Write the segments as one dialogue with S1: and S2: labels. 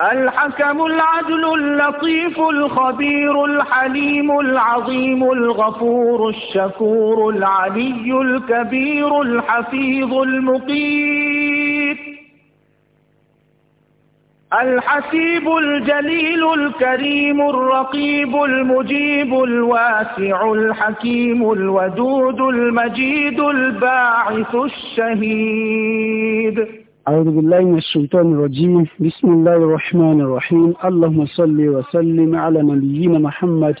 S1: الحكم العدل اللطيف الخبير الحليم العظيم الغفور الشكور العلي الكبير الحفيظ المقيت الحسيب الجليل الكريم الرقيب المجيب الواسع الحكيم الودود المجيد الباعث الشهيد
S2: أعوذ بالله من الشيطان الرجيم بسم الله الرحمن الرحيم اللهم صل وسلم على نبينا محمد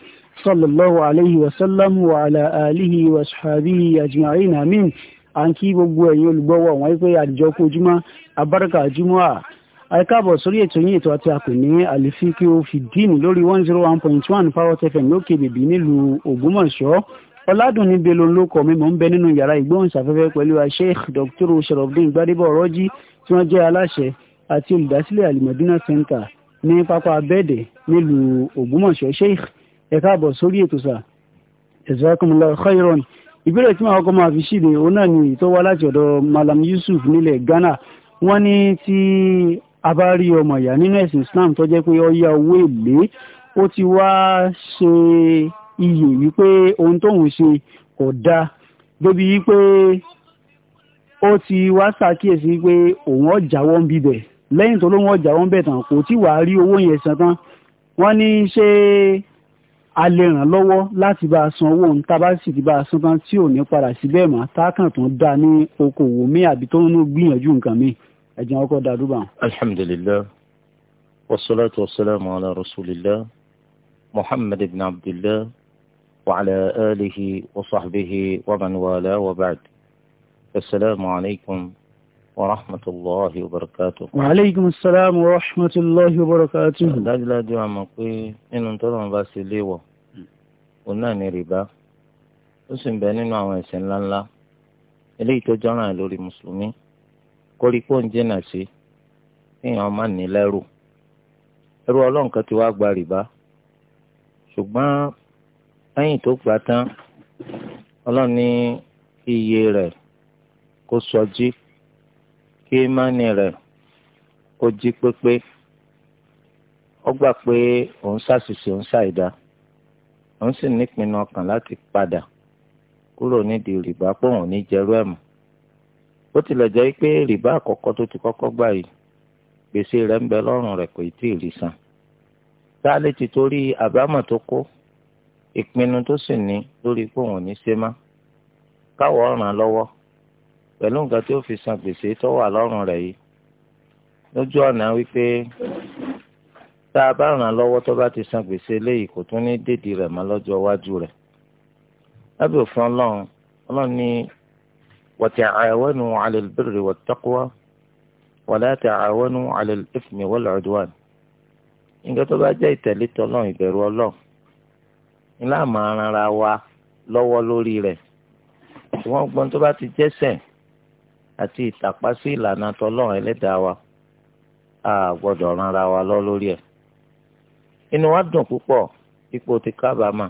S2: صلى الله عليه وسلم وعلى آله وأصحابه أجمعين آمين àǹkí gbogbo ẹ̀yin olùgbọ́wọ́ àwọn ẹgbẹ́ àjọkú ojúmọ́ abáraka àjùmọ́ à àìkáàbọ̀ sórí ètò yín ètò àti àpè ní àlìfíkì òfìdíìnì lórí one zero one point one power fm lókè bèbí nílùú Ògbómọ̀ṣọ́ ọ̀làdùnní bello ló kọ̀ mi mò ń bẹ nínú yàrá ìgbóhùnsáfẹ́fẹ́ pẹ̀lú sheikh dr sharafdin gbadebo ọ̀rọ́jì tí wọ́n jẹ́ aláṣẹ àti olùdásílẹ̀ alimọ̀dínà center ní pápá abẹ́ẹ̀dẹ̀ nílùú ògbómọ̀ṣọ́ sheikh ẹ káàbọ̀ sórí ètò sà jazakumullahu khairan ìbéèrè tí màá kọ́ máa fi ṣíde òun malam yusuf nílẹ̀ ghana wọ́n ní tí a bá rí ọmọ ìyá nínú ẹ̀sìn iyè wípé ohun tóun ṣe kò dáa débi wípé ó ti wá ṣàkíyèsí pé òun ọ̀jáwọ́ ń bíbẹ̀ lẹ́yìn tó lóun ọ̀jáwọ́ ń bẹ̀ tán kò tí wàá rí owó yẹn san tán wọ́n ní ṣé a lè ràn lọ́wọ́ láti bá a san owó òun tá a bá sì ti bá a san tán tí ò ní padà síbẹ̀ mọ́ tákàn tó ń dá ní okòwò mi àbí tó ń gbìyànjú nǹkan mi ẹ̀jẹ̀ wọn kọ́
S3: alhamdulilayi wasalaatu wasalaamu ala rasulillah muhammad ibn abdillah. وعلى آله وصحبه ومن والاه وبعد السلام عليكم ورحمة الله وبركاته
S1: وعليكم
S2: السلام ورحمة الله وبركاته
S3: dájúdájú àmọ́ pé nínú tọ́lọ́run bá ṣe léèwọ̀ òun náà ní rìbá ó sì ń bẹ nínú àwọn ẹ̀ṣẹ̀ ńláńlá eléyìí tó jọ́ràn lórí mùsùlùmí kórìkó ń jìnnà sí kéèyàn má ní lẹ́rù ẹrú ọlọ́run kan ti wá gba rìbá ṣùgbọ́n lẹ́yìn tó gbà tán ọlọ́run ní iye rẹ̀ kó sọjí kí ìmánì rẹ̀ kó jí pépé ó gbà pé òun ṣàṣìṣe òun ṣàìdá òun sì nípinnu ọkàn láti padà kúrò nídìí rìbá pé òun ní jẹrú ẹ̀ mọ́ bó tilẹ̀ jẹ́ pé rìbá àkọ́kọ́ tó ti kọ́kọ́ gbà yìí gbèsè rẹ̀ ń bẹ lọ́rùn rẹ̀ kò tí ì rí san tá lè ti torí àbámọ̀ tó kó ìpinnu tó sì ní lórí pé òun ò ní ṣe má káwọ ọ̀ràn lọ́wọ́ pẹ̀lú nǹkan tí ó fi san gbèsè tó wà lọ́rùn rẹ̀ yìí lójú ọ̀nà wípé tá a bá ràn lọ́wọ́ tó bá ti san gbèsè léyìí kò tún ní dèdí rẹ̀ mọ́ lọ́jọ́ iwájú rẹ̀ lábẹ́ òfin ọlọ́run ọlọ́run ní wa ta'awanu 'ala al-birri wat-taqwa wa la ta'awanu 'ala al tó bá jẹ́ ìtẹ̀lé tọ́lọ́run ìbẹ̀rù ọlọ́run ńlá máa ran ara wa lọ́wọ́ lórí rẹ̀ ṣùgbọ́n gbọ́n tó bá ti jẹ́sẹ̀ àti ìtàpá sí ìlànà tọ́lọ́run ẹlẹ́dàá wa a gbọ́dọ̀ ran ara wa lọ lórí ẹ̀ inú wa dùn púpọ̀ ipò ti kábàámà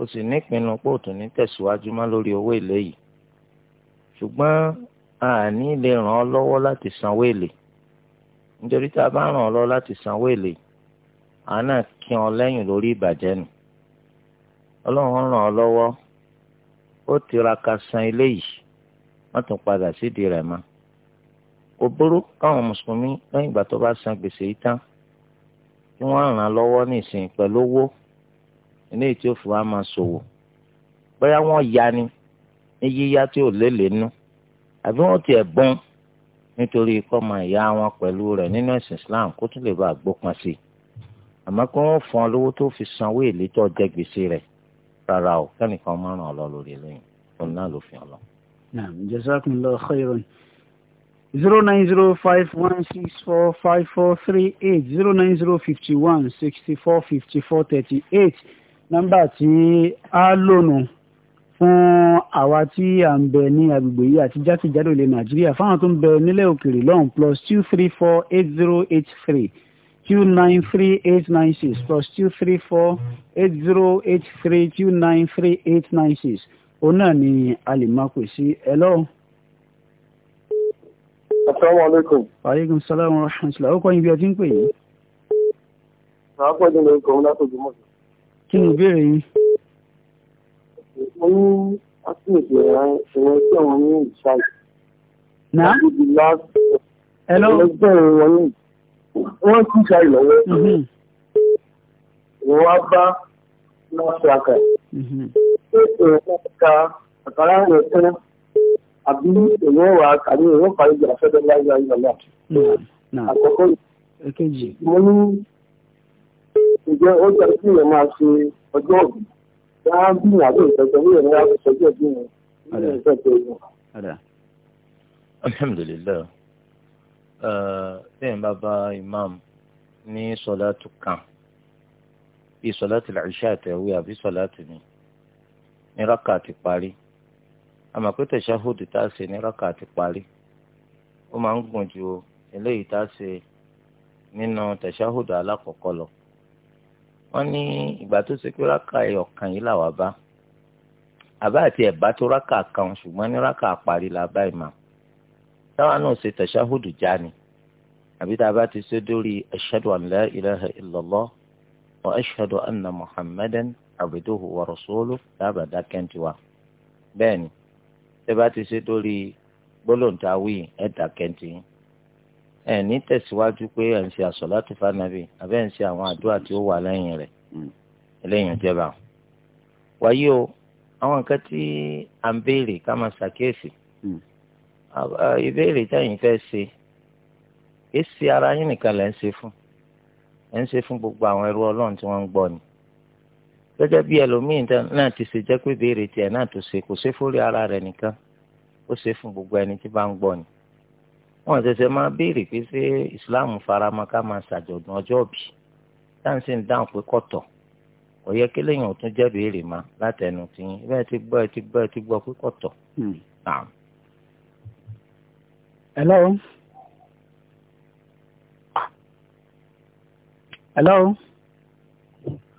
S3: o sì nípinnu pé òtún ní tẹ̀síwájú má lórí owó èlé yìí ṣùgbọ́n a ní lè ràn ọ́ lọ́wọ́ láti sanwó èlé nítorí tá a bá ràn ọ́ lọ́wọ́ láti sanwó èlé àá kí ọ lẹ́yìn lórí ìbàjẹ́ nù ọlọ́run ràn ọ́ lọ́wọ́ ó tiraka san eléyìí wọ́n tún padà sídìí rẹ̀ mọ́ kò burú káwọn mùsùlùmí lẹ́yìn ìgbà tó bá san gbèsè yìí tán kí wọ́n ràn án lọ́wọ́ nísìn pẹ̀lú owó ilé tí ó fi wá máa ṣòwò bóyá wọ́n ya ni ní yíyá tí ò lélẹ̀ nú àbí wọ́n tiẹ̀ bọ́n nítorí kọ́ máa ya wọn pẹ̀lú rẹ̀ nínú ẹ̀sìn Islam kó tún lè bá a gbópọn sí i àmọ́ kí wọ́n fún ọ lówó tó fi sanwó èlé jẹ gbèsè rẹ̀ rárá o kẹ́nìkan máa ràn ọ́ lọ lórí eléyìí òun náà ló fi hàn lọ.
S2: naam jazakumullahu khairan zero nine zero five one six four five four three eight zero nine zero fifty one sixty four fifty four thirty eight nọ́mbà tí a lónù fún àwa tí à ń bẹ ní agbègbè yìí àti jákèjádò ilẹ̀ nàìjíríà fáwọn tó ń bẹ nílẹ̀ òkèèrè lọ́hùn plus two three four eight zero eight three two nine three eight nine six plus two three four eight zero eight three two nine three eight nine six òun náà ni a lè máa pè sí hello.
S4: asalaamualeykum.
S2: aleykum salaam wa rahmatulah ó kọ́ ibi ọtí ń pè yìí.
S4: màá pẹ́ nínú ikọ̀ ńlá tó jùmọ̀.
S2: kí ni ìbéèrè yín.
S4: mo ní ásíwèsì ẹ̀rọ ẹ̀rọ tí àwọn ní ìṣáì. náà. hello. ẹ̀rọ tí àwọn ní ìṣáì wọ́n kú ṣayì lọ́wọ́ mm-hmm. wọ́n wá bá náà ṣàkà ètò ìka àkàrà rẹ̀ tán àbí èèyàn wà àkàrí èèyàn parí ìjà fẹ́dọ̀ láyé ayé ọ̀la
S2: mm-hmm.
S4: àkọ́kọ́ mo ní ìjọ ó jẹ́ kí èèyàn máa ṣe ọjọ́ ọ̀gbìn wọ́n á bí ìyàwó ìtọ́jọ́ ní ìrìn àjò ìtọ́jọ́ ọdún
S3: yẹn ní ìrìn bẹ́ẹ̀ bàbá imam ní sọ̀látù kan bí sọ̀látù làṣà àtẹ̀wé àbí sọ̀látù ni ní rákà ti parí àmọ́ pé tẹ̀síáhùdù tá a ṣe ní rákà ti parí ó máa ń gùn ju eléyìí tá a ṣe nínú tẹ̀síáhùdù alákọ̀ọ́kọ́ lọ wọ́n ní ìgbà tó ṣe pé rákà ọ̀kan yìí làwà bá àbá àti ẹ̀bá tó rákà kan ṣùgbọ́n ní rákà parí la ìmọ̀ táwọn náà ṣe tàṣáhùdù já ni àbí tá a bá ti ṣe dórí ashhadu an la ilaha illallah wa ashhadu anna muhammadan abduhu wa rasuluhu dábàdá kẹ́ntìwá bẹ́ẹ̀ ni tẹ́ bá ti ṣe dórí gbólóǹtàwí ẹ̀dá kẹ́ntì ẹ̀ ní tẹ̀síwájú pé ẹ̀ ń ṣe àsọ̀látù fanabi àbẹ́ ń ṣe àwọn àdúrà tí ó wà lẹ́yìn rẹ̀ hmm. eléyìí ń wáyé o àwọn nǹkan tí à ń béèrè ká máa ṣàkíyèsí hmm. Uh, ìbéèrè tẹ̀yin fẹ́ ṣe é ṣe ara yín nìkan lẹ́ ń ṣe fún ẹ̀ ń ṣe fún gbogbo àwọn ẹrú ọlọ́run tí wọ́n ń gbọ́ ni gẹ́gẹ́ bí ẹlòmíín náà ti ṣe jẹ́ pé béèrè tiẹ̀ náà tó ṣe kò ṣe fórí ara rẹ̀ nìkan ó ṣe fún gbogbo ẹni tí bá ń gbọ́ ni wọ́n ṣẹ̀ṣẹ̀ máa béèrè pé ṣé Islam faramọ́ ká máa ṣàjọ̀dún ọjọ́ òbí táǹsì ń dáhùn pé kọ̀tọ̀ kò yẹ kí lèèyàn tún
S2: Hello? Hello?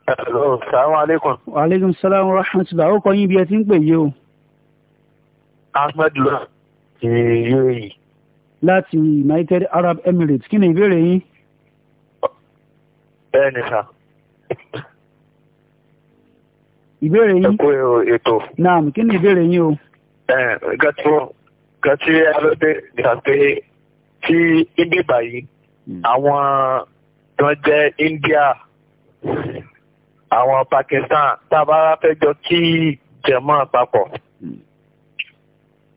S2: Hello, salamu alaikum. Wa alaikum salamu rahmatullahi ó kọ́ yín bí ẹ ti ń pè yí o. Ahmed Lula ti UAE. Láti United Arab Emirates, kí ni ìbéèrè yín? Bẹ́ẹ̀ ni sà. Ìbéèrè yín? Ẹ kú ètò. Naam, kí ni ìbéèrè yín o?
S4: Ẹ gẹ́tù kan tí alóde gbà pé tí ibi báyìí hmm. àwọn tó ń jẹ́ India àwọn Pakistan tábàárà fẹ́ jọ kí jẹ̀mọ́ papọ̀ hmm.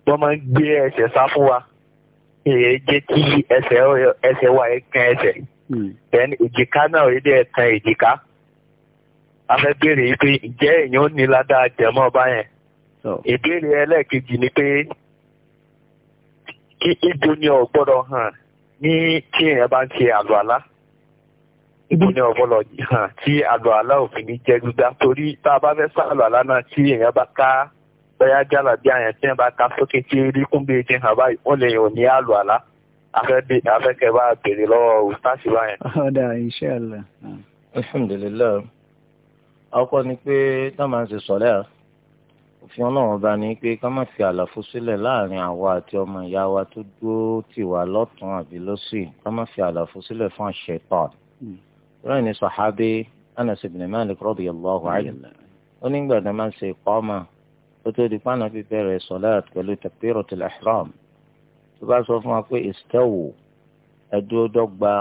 S4: wọ́n máa ń gbé ẹsẹ̀ sá fún wa èyí jẹ́ kí ẹsẹ̀ ẹsẹ̀ wa yẹn kan ẹsẹ̀ hmm. then èjìká náà yìí dẹ̀ kan èjìká a yìí pé ǹjẹ́ èèyàn ní ládàá jẹ̀mọ́ báyẹn ìbéèrè ẹlẹ́ẹ̀kejì ni pé kí ibo ni ọ hàn ní tí èèyàn bá ń ṣe àlọ́ àlá ibo ni ọ gbọ́dọ̀ hàn tí àlọ́ àlá òfin ní jẹ́ gbígbá torí tá a bá fẹ́ sàlọ́ àlá náà tí èèyàn bá ká bóyá jálà bí àyàn tí èèyàn bá ká sókè tí erí kún bí etí hàn báyìí wọ́n lè yàn ní àlọ́ àlá afẹ́kẹ́ bá béèrè lọ́wọ́ ustaasi báyẹn.
S2: ọ̀dà inshallah. alhamdulillah
S3: ọkọ ni pé táwọn máa ń ṣe sọ̀rẹ́ à òfin ọlọ́run bá ní pé ká má fi àlàfo sílẹ̀ láàrin àwa àti ọmọ ìyá wa tó dúró tì wá lọ́tún àbí lọ́sì ká má fi àlàfo sílẹ̀ fún àṣetán. Hmm. bẹ́ẹ̀ ni sàhábé Anas ibn Malik radiyallahu anhu ó nígbà tó máa ń ṣe ìkọ́mà ó tó di pàánà fi bẹ̀rẹ̀ sọ̀láàt pẹ̀lú takbiratul ihram tó bá sọ fún wa pé istawu ẹ dọ́gba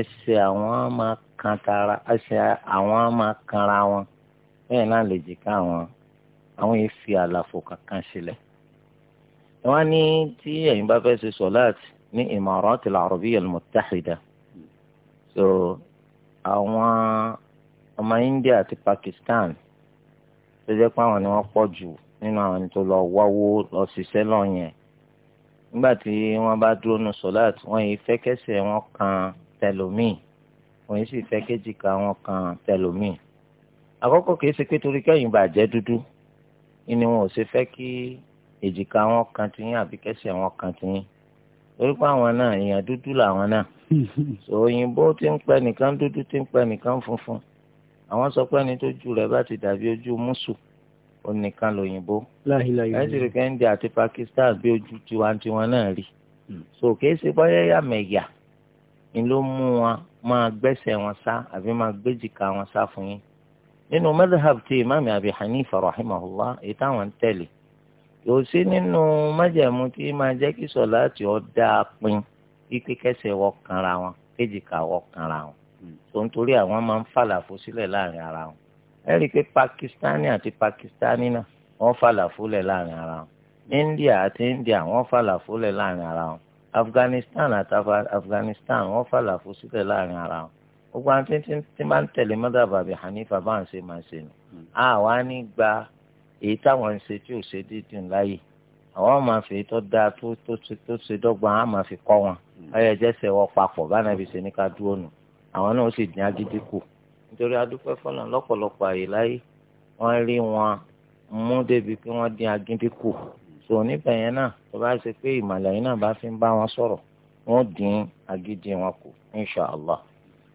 S3: ẹsẹ̀ àwọn máa kan tara ẹsẹ̀ àwọn máa kanra wọn bẹ́ẹ̀ náà lè jìká wọn àwọn yìí fi àlàfo kankan sílẹ̀ wọ́n ní tí ẹ̀yin bá fẹ́ ṣe sọ̀láàtì ní Imarat al-Arabiyya al-Muttahida so àwọn ọmọ India àti Pakistan tó jẹ́ pé àwọn ni wọ́n pọ̀ jù nínú àwọn tó lọ wáwó lọ ṣiṣẹ́ lọ́yẹn nígbà tí wọ́n bá dúró nu sọ̀láàtì wọ́n yìí fẹ́ wọn kan tẹlómìn wọ́n yìí sì fẹ́ kéjìká wọn kan tẹlómìn àkọ́kọ́ kìí ṣe pé torí kẹ́yìn bàjẹ́ dúdú ni wọn ò ṣe fẹ́ kí èjìká wọn kan ti yín àbí kẹ́sẹ̀ wọn kan ti yín torí pé àwọn náà èèyàn dúdú làwọn náà òyìnbó ti ń pẹ nìkan dúdú ti ń pẹ nìkan funfun àwọn sọ pé ẹni tó ju rẹ̀ bá ti dàbí ojú mùsù onìkan lòyìnbó ẹsìrì kẹ́ńdì àti Pakistan bí ojú tiwantiwọn náà rí hmm. so kìí ṣe bọ́yá yàmẹ̀yà ni ló mú wọn máa gbẹ́sẹ̀ wọn sá àbí máa gbéjìká wọn sá fún yín nínú madhhab ti imaami abi hanifa rahimahullah èyí táwọn ń tẹ̀lé kò sí nínú májẹ̀mú tí máa jẹ́ kí sọ̀láàtì ó dáa pin ike kẹsẹ̀ wọ kanra wọn kéjìká wọ kanra wọn tó ń torí àwọn máa ń fàlàfo sílẹ̀ láàrin ara wọn ẹ rí i pé pakistani àti pakistani náà wọ́n fàlàfo lẹ̀ láàrin ara wọn hmm. india àti india wọ́n fàlàfo lẹ̀ láàrin ara wọn afghanistan àti afghanistan wọ́n fàlàfo sílẹ̀ láàrin ara wọn gbogbo àwọn tí tí máa ń tẹ̀lé mọ́tàbà àbí Hanifa bá ń ṣe máa ṣe nù. Hmm. a wá ní gba èyí táwọn ń ṣe tí ò ṣe dídùn láàyè àwọn máa fi tó dáa tó tó tó ṣe dọ́gba á máa fi kọ́ wọn ọyọ hmm. jẹ́sẹ̀ wọ papọ̀ bánàbí ṣe ní ká dúró nù àwọn náà ó sì dín agídí kù nítorí adúpẹ́ fọ́nà lọ́pọ̀lọpọ̀ àyè láyé wọ́n rí wọn mú débi pé wọ́n dín agídí kù tó níbẹ̀ yẹn náà tó bá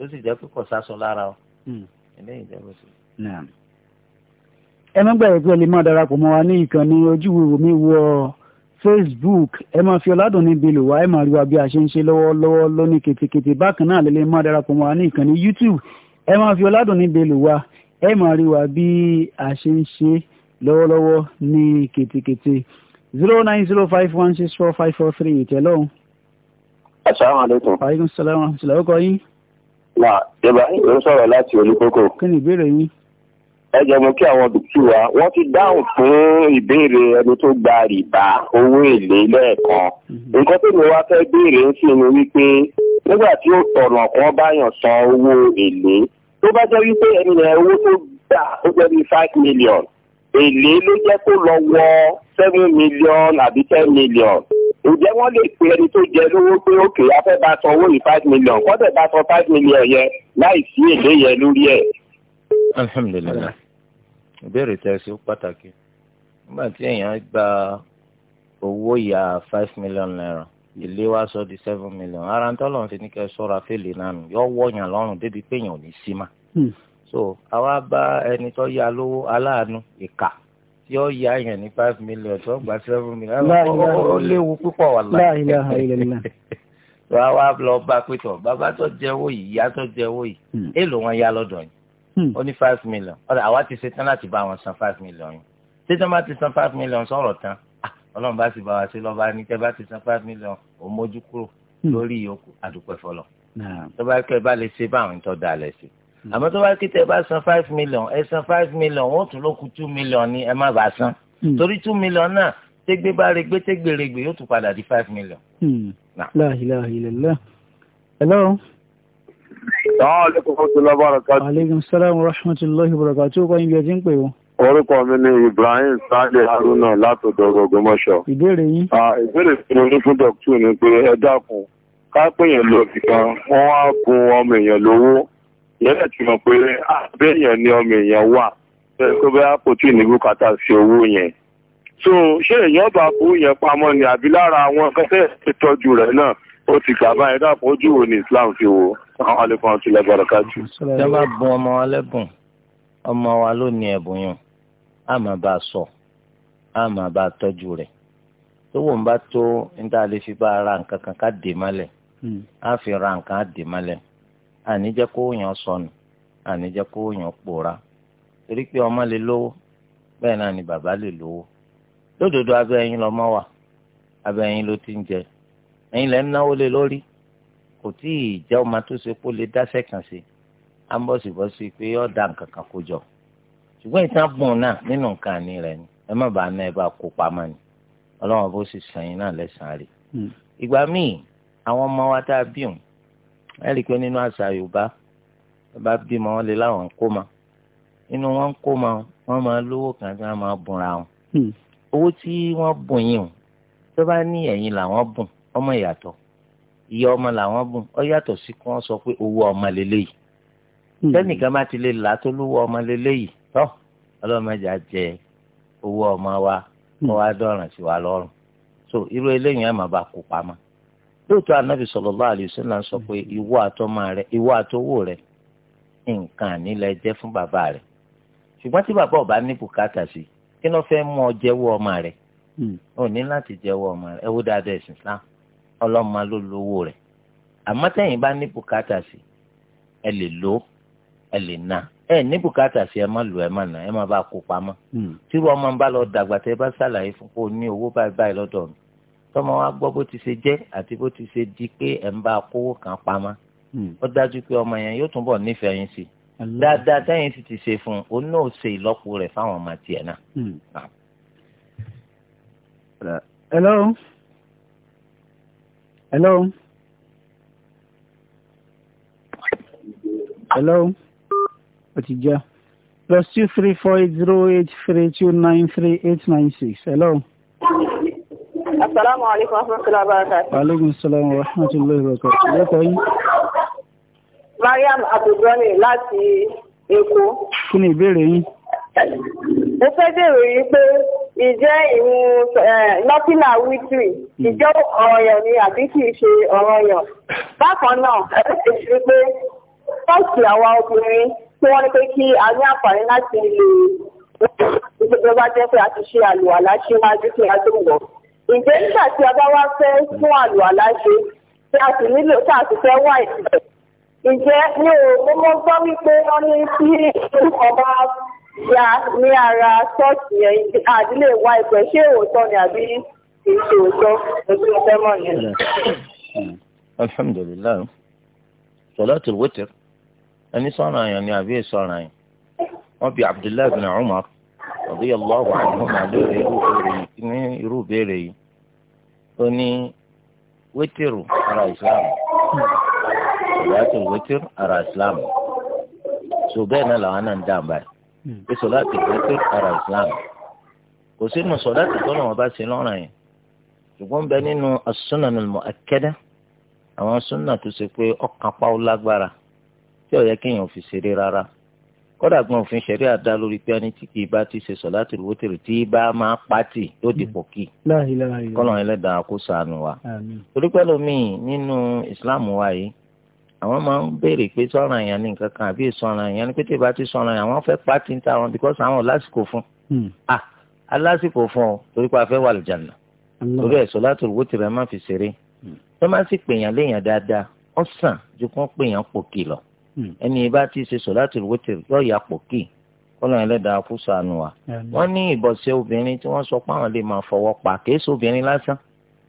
S3: tó sì jẹ́ pípọ̀ sásọ lára o. Hmm. eléyìí jẹ́ bó ṣe.
S2: ẹ má gbàgbé pé ẹ lè máa darapọ̀ mọ́ wa ní ìkànnì ojúwòrò mi wọ Facebook ẹ máa fi ọ̀làdùn níbi lò wá ẹ máa rí wa bí a ṣe ń ṣe lọ́wọ́lọ́wọ́ lóní kètèkètè bákan náà lè lè máa darapọ̀ mọ́ wa ní ìkànnì YouTube ẹ máa fi ọ̀làdùn níbi lò wá ẹ máa rí wa bí a ṣe ń ṣe lọ́wọ́lọ́wọ́ ní kètèkètè zero nine zero five one six four five four three eight hello.
S4: asalaamualeykum.
S2: aleykum salaam wa rahmatulah. o kò yín.
S4: Mà Yorùbá ló ń sọ̀rọ̀ láti Olúkókò.
S2: Kí ni ìbéèrè yín?
S4: Ẹ jẹ́ mo kí àwọn dùkú wa. Wọ́n ti dáhùn fún ìbéèrè ẹni tó gba rìbá owó èlé lẹ́ẹ̀kan. Mhm. Nǹkan tó ní wá fẹ́ béèrè ń sìn ni wípé nígbà tí ọ̀nà kan báyàn san owó èlé tó bá jẹ́ wípé ẹni yẹn owó tó gbà ó jẹ́ bíi five million èlé ló jẹ́ kó lọ wọ seven million àbí ten million ǹjẹ́ wọ́n lè pe ẹni tó jẹ lówó pé òkè afẹ́ bá san owó yìí five million kọ́dẹ̀ bá san five million yẹn láì sí èlé yẹn lórí ẹ̀.
S5: alhamdulilayi
S4: ìbéèrè tẹ pàtàkì
S3: nígbà tí èèyàn gba owó ya five million naira ilé wa sọ di seven million ara ń tọ́lọ̀ fi ní kẹ́ sọ́ra fèlè náà nù yọ wọ̀nyàn lọ́rùn débi pé èèyàn ò ní sí ma. Hmm. so àwa bá ẹni tó yá lówó aláàánú ìkà yóò yá yẹn ní five million tó gba seven million ó léwu
S4: púpọ̀ wà láì
S3: wá wá lọ bá pétọ̀ bàbá tó jẹ́wọ́ yìí ìyá tó jẹ́wọ́ yìí èèlò hmm. wọn yá lọ́dọ̀ yìí hmm. ó ní five million ọ̀dà àwa ti ṣetán láti bá wọn san five million yìí ṣetán bá ti san five million sọ̀rọ̀ tán ah, ọlọ́run bá sì bá wa ṣe lọ́ba ní tẹ́ bá ti san five million ò mójú kúrò
S2: hmm. lórí ìyókù
S3: àdúpẹ́ fọlọ́ tó bá kẹ́ bá lè ṣe báwọn ń tọ́ da lẹ̀ sí i. Mm-hmm. àmọ́ tó bá kíta ẹ bá san five million ẹ san five million wọ́n tún ló kù two million ni ẹ má bàa san mm-hmm. torí two million náà tẹgbẹ́ bá rẹ gbé tẹgbẹ́ rẹ gbé yóò tún padà di five million.
S2: Mm-hmm. láhìláhìlélá. hello. aleykum salaam wa rahmatulahi wa barakatuh kọ́ ibi ẹtí ń pè o.
S4: orúkọ mi ni Ibrahim Sade Haruna látọ̀dọ̀ Ògbómọ̀ṣọ́. ìbéèrè yín. ìbéèrè tí mo ní fún dọ́kítù ni pé ẹ dákun ká pèèyàn lọ sí kan wọ́n á kun ọmọ èèyàn lówó ìyẹn náà ti mọ̀ pé àbẹ́yàn ni ọmọ èèyàn wà pé bẹ́ẹ̀ kò tí ì sí owó yẹn so ṣé èèyàn bá kú yẹn pamọ́ ni àbí lára àwọn kẹsẹ̀ ìtọ́jú rẹ̀ náà ó ti gbà báyìí dàpọ̀ ojú wo ni Islam fi wò àwọn alẹ́kùn àti lẹ́gbàrọ̀ kájú.
S3: ìjọba bùn ọmọ wa lẹ́bùn ọmọ wa ló ní ẹ̀bùn yẹn a máa bá a sọ a máa bá a tọ́jú rẹ̀ tówó ń bá tó níta lè fi bá ara nǹkan kan ká dè mọ́lẹ̀ á hmm. fi ra nǹkan á dè mọ́lẹ̀ àníjẹ́ kó yàn sọnù àníjẹ́ kó yàn pòórá torí pé ọmọ lè lówó bẹ́ẹ̀ náà ni bàbá lè lówó lódodo abẹ́ ẹyin lọ́mọ wà abẹ́ ẹyin ló ti ń jẹ ẹyin lẹ́ ń náwó lé lórí kò tí ì jẹ́ ọmọ tó ṣe kó lè dáṣẹ́ kan sí á ń bọ̀sibọ́sí pé ó dá nǹkan kan kó jọ ṣùgbọ́n ìtàbùn náà nínú nǹkan àní rẹ̀ ni ẹ má bàa ná ẹ bá kó pamọ́ ni ọlọ́run bó sì sàn yín náà lẹ́sàn-án rẹ̀ hmm. ìgbà míì àwọn ọmọ wa tá a bí òun ẹ rí i pé nínú àṣà yorùbá bá bímọ wọn lè láwọn kó ma inú wọn kó ma wọn máa lówó kan tí wọn máa bùnra wọn hmm. owó tí wọn bùn yìí o tó bá ní ẹ̀yìn làwọn bùn ọmọ ìyàtọ̀ ìyá ọmọ làwọn bùn ọ yàtọ̀ sí kí wọn sọ pé owó ọmọ lélẹyìí sẹ́nìkan hmm. bá ti lè là tó lówó ọmọ lélẹ́yìí tọ́ ọlọ́mọdé jẹ owó ọmọ wa hmm. kó wá dọ̀ràn sí wa lọ́rùn so irú eléyìí ẹ̀ máa bá kó pamọ́ lóòótọ́ anabi sallallahu alaihi wasallam sọ pé ìwọ àtọmọ rẹ ìwọ àtọwọ rẹ nǹkan ànílẹ̀ jẹ́ fún bàbá rẹ ṣùgbọ́n tí bàbá ọba ní bùkátà sí kí ló fẹ́ mú ọ jẹ́wọ́ ọmọ rẹ ò hmm. ní láti jẹ́wọ́ ọmọ rẹ ẹ dáadáa ẹ̀sìn Islam ọlọ́mọ ló lówó rẹ̀ àmọ́ tẹ̀yìn bá ní bùkátà sí ẹ lè lò ẹ lè nà ẹ ní bùkátà sí ẹ má ẹ má ẹ má bá kó pamọ́ hmm. ń bá lọ dàgbà bá fún tọmọ wa gbọ́ bó ti ṣe jẹ́ àti bó ti ṣe di pé ẹ̀ ń bá kówó kan pamọ́ hmm. ó dájú pé ọmọ yẹn yóò túnbọ̀ nífẹ̀ẹ́ yín sí dáadáa tẹ́yìn sì ti ṣe fún un òun náà ṣe ìlọ́po rẹ̀ fáwọn ọmọ tiẹ̀ náà. Hmm. Ah.
S2: hello hello hello ó ti jẹ́ plus two three four eight zero eight three two nine three eight nine six hello?
S4: Assalamu alaikum wa rahmatullahi wa barakatuh. Wa
S2: alaikum assalam wa rahmatullahi wa barakatuh. Lẹ́kọ̀ọ́
S1: yín. Mariam Abdulgani láti Èkó. Kí ni ìbéèrè yín? Mo fẹ́ bèèrè yìí pé ìjẹ́ ìrun
S4: lọ́pìlà wítìrì, hmm. ìjẹ́ ọ̀ranyàn ni àbí kì í ṣe ọ̀ranyàn. Bákan náà, ẹ̀rọ ti ṣe pé fọ́ọ̀sì àwa obìnrin tí wọ́n ní pé kí a ní àǹfààní láti lè ìjọba jẹ́ pé a ti ṣe àlùwàlá síwájú kí a tó wọ̀ ǹjẹ́ nígbà tí a bá wá fẹ́ fún àlùwàlá ṣe tí a sì nílò tá a sì fẹ́ wá ìtìlẹ̀ ǹjẹ́ mi ò mo mọ gbọ́ wípé wọ́n ní tí orúkọ bá ya ní ara ṣọ́ọ̀ṣì yẹn àdílé wa ìpẹ́ ṣé òótọ́ ni àbí kì í ṣe òótọ́ ojú ọ̀fẹ́ mọ̀ ni.
S3: alhamdulilayi salatul witr ẹni sọ̀rọ̀ àyàn ni àbí ìsọ̀rọ̀ àyàn wọ́n bi abdullahi bin umar radiyallahu anhu màdúrà irú béèrè yìí ó ní wétìrù ara islam sọláàtì wétìrù ara islam so bẹ́ẹ̀ náà làwọn náà ń dá àbáyé hmm. pé sọláàtì wétìrù ara islam kò sínú sọláàtì tọ́lọ̀ wọn bá sí lọ́rùn yẹn ṣùgbọ́n bẹ nínú as-sunanul mu'akkada àwọn súnà tó ṣe pé ọkàn pa ó lágbára tí ó yẹ kéèyàn fi ṣeré rárá kódà gan òfin ṣẹ̀rí àdá lórí pé ẹni tí kì í bá ti ṣe sọ̀láàtì wótìrì tí bá máa pátì yóò dìpọ̀ kì
S2: í kọ́nà
S3: ẹlẹ́dàá kó sànù wa. torí pẹ́lú mi nínú Islam wa yìí àwọn máa ń béèrè pé sọ̀ràn èèyàn ní nǹkan kan àbí ìsọ̀ràn èèyàn ní pété bá ti sọ̀ràn èèyàn wọ́n fẹ́ pátì ń ta wọn because àwọn lásìkò fún ah hmm. alásìkò fún ọ torí pé a fẹ́ wà lùjànà torí ẹ̀ sọ̀láàtì wótìrì ẹ má fi ṣeré hmm. tó má sì pèèyàn Hmm. ẹni bá ti ṣe solatul witr yóò yà pò kì kọ́lọ́n ẹlẹ́dàá kó sànù wa. wọ́n ní ìbọ̀sẹ̀ obìnrin tí wọ́n sọ pé àwọn lè máa fọwọ́ pa kéésì obìnrin lásán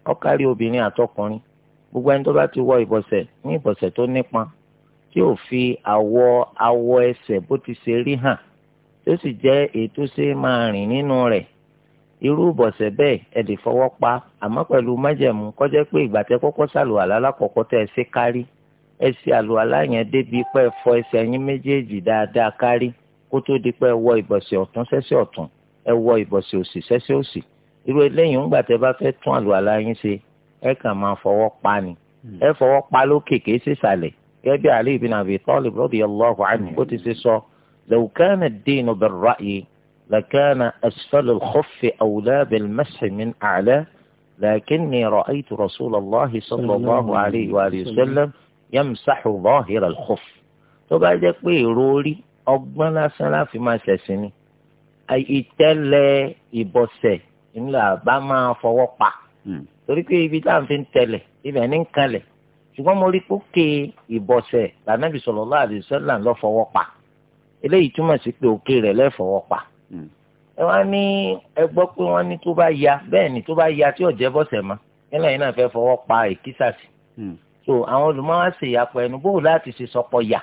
S3: ó kárí obìnrin àtọkùnrin gbogbo ẹni tó bá ti wọ ìbọ̀sẹ̀ ní ìbọ̀sẹ̀ tó nípọn tí ò fi àwọ̀ àwọ̀ ẹsẹ̀ bó ti ṣe rí hàn tó sì jẹ́ ètò ṣe máa rìn nínú rẹ̀ irú ìbọ̀sẹ̀ bẹ́ẹ̀ ẹ lè fọwọ́ pa àmọ́ pẹ̀lú májẹ̀mú kó pé ìgbà tẹ́ kọ́kọ́ sàlùwàlá lákọ̀ọ́kọ́ tẹ́ ẹ ṣe kárí ẹsẹ̀ àlùwàlá yẹn débi pé fọ ẹsẹ̀ yín méjèèjì dáadáa kárí kó tó di pé ẹ wọ ìbọ̀sẹ̀ ọ̀tún sẹ́sẹ̀ ọ̀tún ẹ wọ ìbọ̀sẹ̀ òsì sẹ́sẹ̀ òsì irú eléyìí ńgbà tẹ́ bá fẹ́ tún àlùwàlá yín ṣe ẹ kàn máa fọwọ́ pa ni hmm. ẹ fọwọ́ pa lókè kìí ṣe sàlẹ̀ gẹ́gẹ́ bí Ali ibn Abi Talib radiyallahu anhu ó ti ṣe sọ law kana ad-dinu bir-ra'yi لكان أسفل الخف أولى بالمسح من أعلى لكني رأيت رسول الله صلى الله عليه yamsahu zahir al-khuf tó bá jẹ́ pé èrò orí ọgbọ́n lásán láfi máa ṣẹ̀sìn ni ìtẹ́lẹ̀ ìbọ̀sẹ̀ ńlá bá máa fọwọ́ pa hmm. torí pé ibi tá à ń fi ń tẹ̀lẹ̀ ibẹ̀ ní ń kalẹ̀ ṣùgbọ́n mo rí pókè ìbọ̀sẹ̀ lànàbì sallallahu alaihi wasallam lọ fọwọ́ pa eléyìí túmọ̀ sí pé òkè rẹ̀ lẹ́ fọwọ́ pa hmm. ẹ wá ní ẹ gbọ́ pé wọ́n ní tó bá ya bẹ́ẹ̀ ni tó bá ya tí ò jẹ́ bọ́sẹ̀ mọ́ so àwọn olùmọ̀wá ṣe ìyàpọ̀ ẹnu bóò láti ṣe sọpọ̀ yà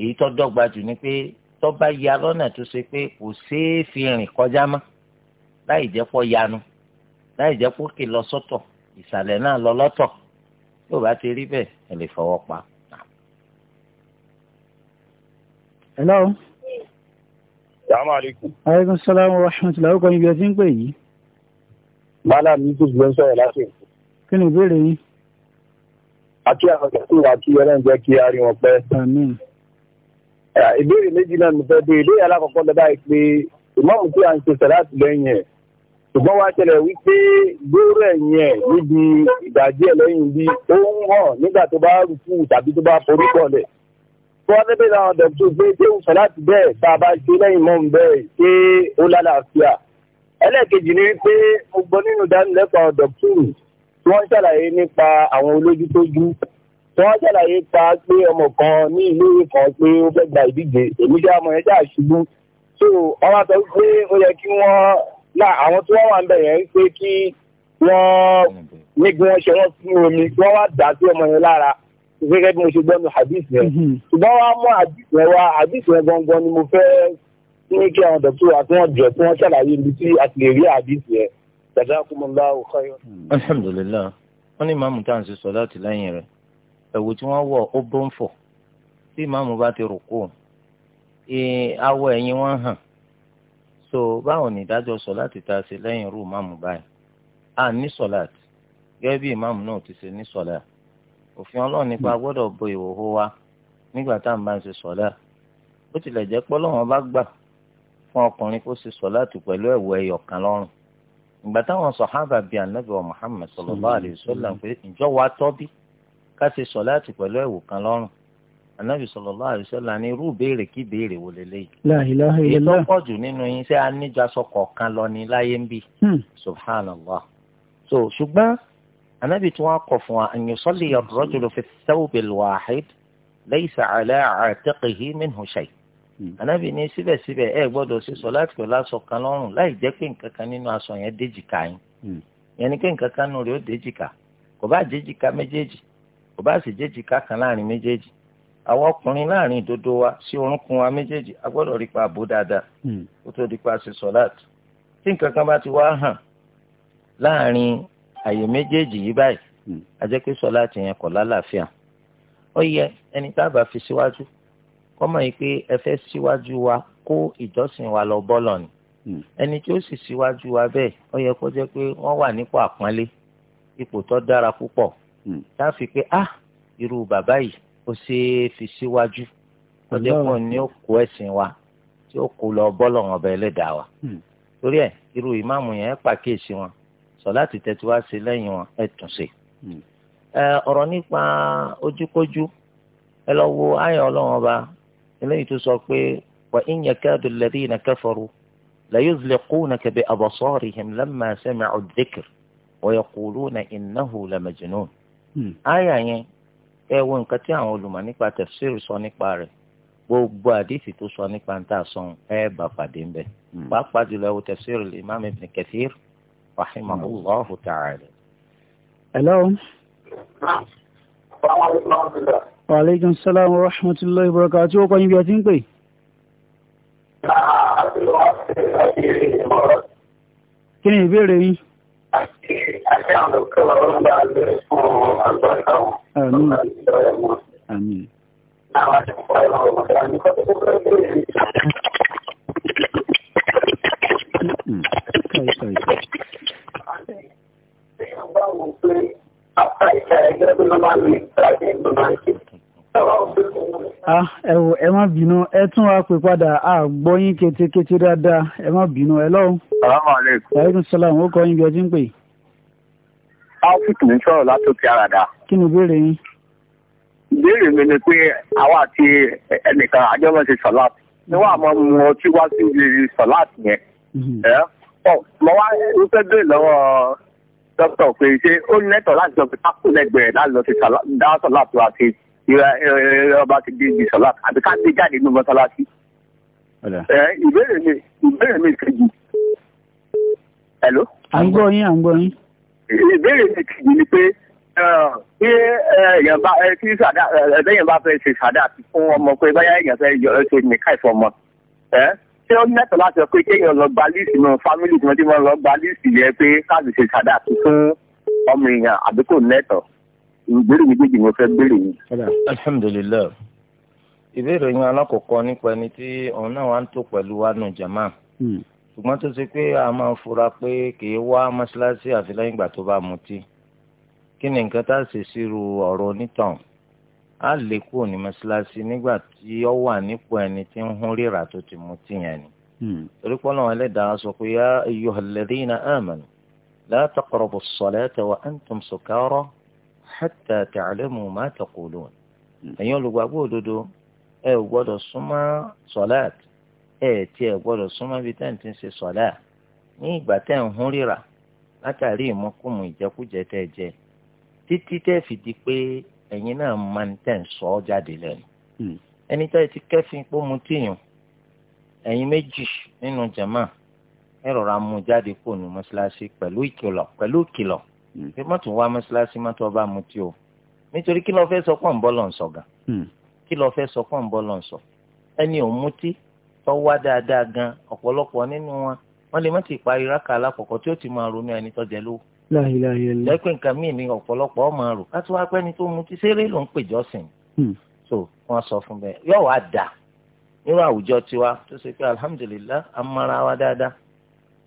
S3: èyí tó dọ́gba jù ni pé tó bá ya lọ́nà tó ṣe pé kò ṣeé fi rìn kọjá mọ́ láì jẹ́ pọ̀ yanu láì jẹ́ pọ̀ kè lọ sọ́tọ̀ ìsàlẹ̀ náà lọ lọ́tọ̀ tó bá ti rí bẹ́ẹ̀ ẹ lè
S2: fọwọ́ pa. hello.
S4: salaamaleykum.
S2: aleykum salaam wa rahmatulah ọkọ ibi ẹ ti ń pè yìí.
S4: bàálà mi kò gbọ́n sọ̀rọ̀ láti.
S2: kí ni ìbéèrè yín
S4: àti àfẹsẹ̀tò àti ẹlẹ́rìn jẹ́ kí a rí wọn pẹ́. ìbéèrè méjì náà mo fẹ́ bí ìbéèrè alákọ̀ọ́kọ́ lọ báyìí pé ìmáàmù tí a ń ṣe sàláàtì lẹ́yìn ẹ̀ ṣùgbọ́n wá ṣẹlẹ̀ wípé gbóòrò ẹ̀yìn ẹ̀ níbi ìdajì ẹ̀ lẹ́yìn bí ó ń hàn nígbà tó bá rúkú tàbí tó bá forúkọ lẹ̀. tó wá débẹ̀ náà dọ̀tún pé ṣé ń sàláàtì bẹ́ẹ̀ tá a bá ṣe lẹ́yìn mọ́ ń bẹ́ẹ̀ ṣé ó lálàáfíà. ẹlẹ́ẹ̀kejì ni wípé mo gbọ́ nínú ìdánilẹ́kọ̀ọ́ dọ̀tún wọ́n ṣàlàyé nípa àwọn olójú tó jú wọ́n ṣàlàyé pa pé ọmọ kan ní iléèwé kan pé ó fẹ́ gba ìdíje èmi jẹ́ ọmọ yẹn ṣáà ṣubú so wọ́n wá sọ pé ó yẹ kí wọ́n là àwọn tí wọ́n wà ń bẹ̀ yẹn pé kí wọ́n ní kí wọ́n ṣe wọ́n sínú omi kí wọ́n wá dà sí ọmọ yẹn lára gẹ́gẹ́ bí mo ṣe gbọ́ nu hadith yẹn mhm. ṣùgbọ́n wọ́n á mú hadith yẹn wá hadith yẹn gangan ni mo fẹ́ ní kí àwọn dọ̀tí wa kí wọ́n jọ kí wọ́n ṣàlàyé ibi tí a ti lè rí hadith yẹn jazakumullahu khayr.
S3: alhamdulilayi wọn ní màmú tá à ń ṣe sọ láti lẹ́yìn rẹ̀ ẹ̀wù tí wọ́n wọ̀ ó bó ń fọ̀ tí màmú bá ti rùkú awọ ẹ̀yìn wọn hàn so báwo ni ìdájọ́ sọ láti ta ṣe lẹ́yìn rú màmú báyìí a ní sọ̀láàtì gẹ́gẹ́ bí màmú náà ti ṣe ní sọ̀láàtì òfin ọlọ́run nípa hmm. gbọ́dọ̀ bo ìhòòhò wa nígbà tá à ń bá ń ṣe sọ̀láàtì ó tilẹ̀ jẹ́ pé ọlọ́run bá gbà fún ọkùnrin kó ṣe sọ̀láàtì pẹ̀lú ẹ̀wù ẹyọ̀kan lọ́rùn ìgbà táwọn sọ̀hábà bíi ànábì wa Muhammad sallallahu alayhi wa sallam pé ǹjọ́ wa tọ́ bí ká ṣe sọ̀láàtì pẹ̀lú ẹ̀wù kan lọ́rùn ànábì sallallahu alayhi wa sallam ní irú béèrè kí béèrè wò lélẹ́yìí.
S2: la ilaha illallah
S3: èyí tó pọ̀ nínú yín ṣé aníjàsọ kọ̀ọ̀kan lọ ní láyé ń bì. Hmm. subhanallah so ṣùgbọ́n ànábì tí wọ́n kọ̀ fún wa an yusalli ar-rajulu fi ath-thawb al Hmm. ànábì ní síbẹ̀síbẹ̀ ẹ gbọ́dọ̀ ṣe sọ láti pẹ̀lú aṣọ kan lọ́rùn láì jẹ́ pé nǹkan kan nínú aṣọ yẹn déjìká yín hmm. yẹn ni pé nǹkan kan nù rẹ̀ ó déjìká kò bá déjìká méjèèjì kò bá sì déjìká kan láàrin méjèèjì àwọn ọkùnrin láàrin ìdodo wa sí orúnkún wa méjèèjì a gbọ́dọ̀ rí pa àbò dáadáa hmm. kó tó di pa ṣe sọ láti tí nǹkan kan bá ti wá hàn láàrin àyè méjèèjì yìí báyìí a jẹ́ pé sọ láti yẹn kò lálàáfíà ó yẹ ẹni tá fi síwájú kọ́mọ yìí pé ẹ fẹ́ síwájú wa kó ìjọsìn wa lọ bọ́lọ̀ ni hmm. ẹni tí ó sì síwájú wa bẹ́ẹ̀ ó yẹ kó jẹ́ pé wọ́n wà nípò àpọ́nlé ipò tó dára púpọ̀ hmm. tá a fi pé ah irú bàbá yìí ó ṣe é fi síwájú ó jẹ́ pọ̀ ó kó ẹ̀sìn wa tí ó kó lọ bọ́lọ̀ wọn bẹ́ẹ̀ lẹ́dàá wa hmm. torí ẹ̀ irú ìmáàmù yẹn pàkíyèsí wọn sọ láti tẹ́tí wá sí lẹ́yìn wọn ẹ̀ tún ṣe. ọ̀rọ̀ nípa ojúkójú ẹ lọ wo ayọ̀ ọlọ́run ọba eléyìí tó sọ pé wa in yakadu alladhina kafaru la yuzliqunaka bi absarihim lamma sami'u adh-dhikr wa yaquluna innahu la majnun. àyà hmm. yẹn ẹ wo nǹkan tí àwọn olùmọ̀ nípa tafsir sọ nípa rẹ̀ gbogbo àdìsí tó sọ nípa ń tà sọ̀n ẹ bá pàdé ń hmm. pàápàá jùlọ ẹ wo tafsir al-imam ibn kathir
S2: Wa alaikum salaam wa rahmatullahi wa barakatuh tí ó kọ́ níbi ẹtí ń pè.
S5: Kí ni ìbéèrè yín? Àmín. Àmín. Mm-hmm. Sorry, sorry. Báwo pé
S2: ah ẹ wò ẹ má bínú ẹ tún wá pè padà a gbọ́ yín ketekete dáadáa ẹ má bínú ẹ lọ́hùn.
S4: salaamaleykum.
S2: aleykum salaam ó kọ yín bí ẹ ti ń pè.
S4: alfred ń sọ̀rọ̀ látòkè àràdà.
S2: kí ni ìbéèrè yín.
S4: ìbéèrè mi ni pé àwa àti ẹnìkan àjọmọ̀ ṣe sọ̀láàtì ni wọ́n àmọ́ mu ọtí wá sí ibi sọ̀láàtì yẹn. Mhm. ẹ ọ mo wá ń fẹ́ bẹ́ẹ̀ lọ́wọ́ dókítà pé ṣé ó nẹ́tọ̀ láti lọ fi tákù lẹ́gbẹ̀ẹ́ ti ọba ti dé ibi àbí ká gbé jáde ní mọ́sálásí. ìbéèrè mi ìbéèrè mi kejì. Hello. à
S2: ń gbọ́ yín à ń gbọ́ yín.
S4: ìbéèrè mi kejì ni pé tí èèyàn bá tí sàdá ẹ̀ẹ́dẹ́yìn bá fẹ́ ṣe sàdá fún ọmọ pé báyà èèyàn fẹ́ yọ ṣe nìkan ìfọ̀ ọmọ ṣé ó mẹ́tọ̀ láti sọ pé kéèyàn lọ gba líìsì náà fámìlì tí wọ́n ti máa lọ gba líìsì yẹ pé káàdì ṣe sàdá fún ọmọ èèyàn àbí mẹ́tọ̀ ìbéèrè méjèèjì mo fẹ́ béèrè yìí.
S3: alhamdulilayi ìbéèrè yín alákọ̀ọ́kọ́ nípa ẹni tí òun náà wà ń tó pẹ̀lú wa nù jàmá hmm. ṣùgbọ́n tó ṣe pé a máa fura pé kì í wá mọ́ṣáláṣí àfi lẹ́yìn ìgbà tó bá mutí kí ni nǹkan tá a ṣe sírú ọ̀rọ̀ onítàn á lè kúrò ní mọ́ṣáláṣí nígbà tí ó wà nípò ẹni tí ń hún ríra tó ti mutí yẹn ni hmm. torí pé ọlọ́run ẹlẹ́dàá sọ pé yá ayyuhalladhina amanu la taqrabu as-salata wa antum sukara hatta ta'lamu ma taqulun ẹ̀yin olùgbàgbọ́ òdodo ẹ ò gbọ́dọ̀ súnmọ́ sọ̀láàt ẹ tí ẹ gbọ́dọ̀ súnmọ́ ibi tẹ́ ń ti ṣe sọ̀lá ní ìgbà tẹ́ ń hún ríra látàrí ìmọ̀kùmù ìjẹkújẹ tẹ́ jẹ títí tẹ́ fi di pé ẹ̀yin náà máa ń tẹ̀ ń sọ ọ́ jáde lẹ́nu hmm. ẹni tẹ́ ti kẹ́fìn pó tíyàn ẹ̀yin méjì nínú jàmáà ẹ rọra mú jáde kó nu mọ́ṣáláṣí pẹ̀lú ìkìlọ̀ pẹ̀lú ìkìlọ̀ Hmm. pé mọ́tò wá mọ́ṣáláṣí mọ́tò ọba mutí o nítorí kí lọ́ọ́ fẹ́ sọ pọ̀ ń bọ́ lọ́n sọ gan hmm. kí lọ́ọ́ fẹ́ sọ pọ̀ ń bọ́ lọ́n sọ ẹni ò mutí tó wá dáadáa gan ọ̀pọ̀lọpọ̀ nínú wọn wọ́n lè má ti parí rákà alákọ̀ọ́kọ́ tí ó ti máa ronú ẹni tó jẹ lẹ́pẹ́ nǹkan míì ni ọ̀pọ̀lọpọ̀ máa rò láti wá pẹ́ni tó mutí ṣeré ló ń pèjọ́ sìn. Hmm. so wọ́n sọ fún bẹ́ẹ̀ yóò wá dà nírú àwùjọ tiwa tó ṣe pé alhamdulillah amara wa dáadáa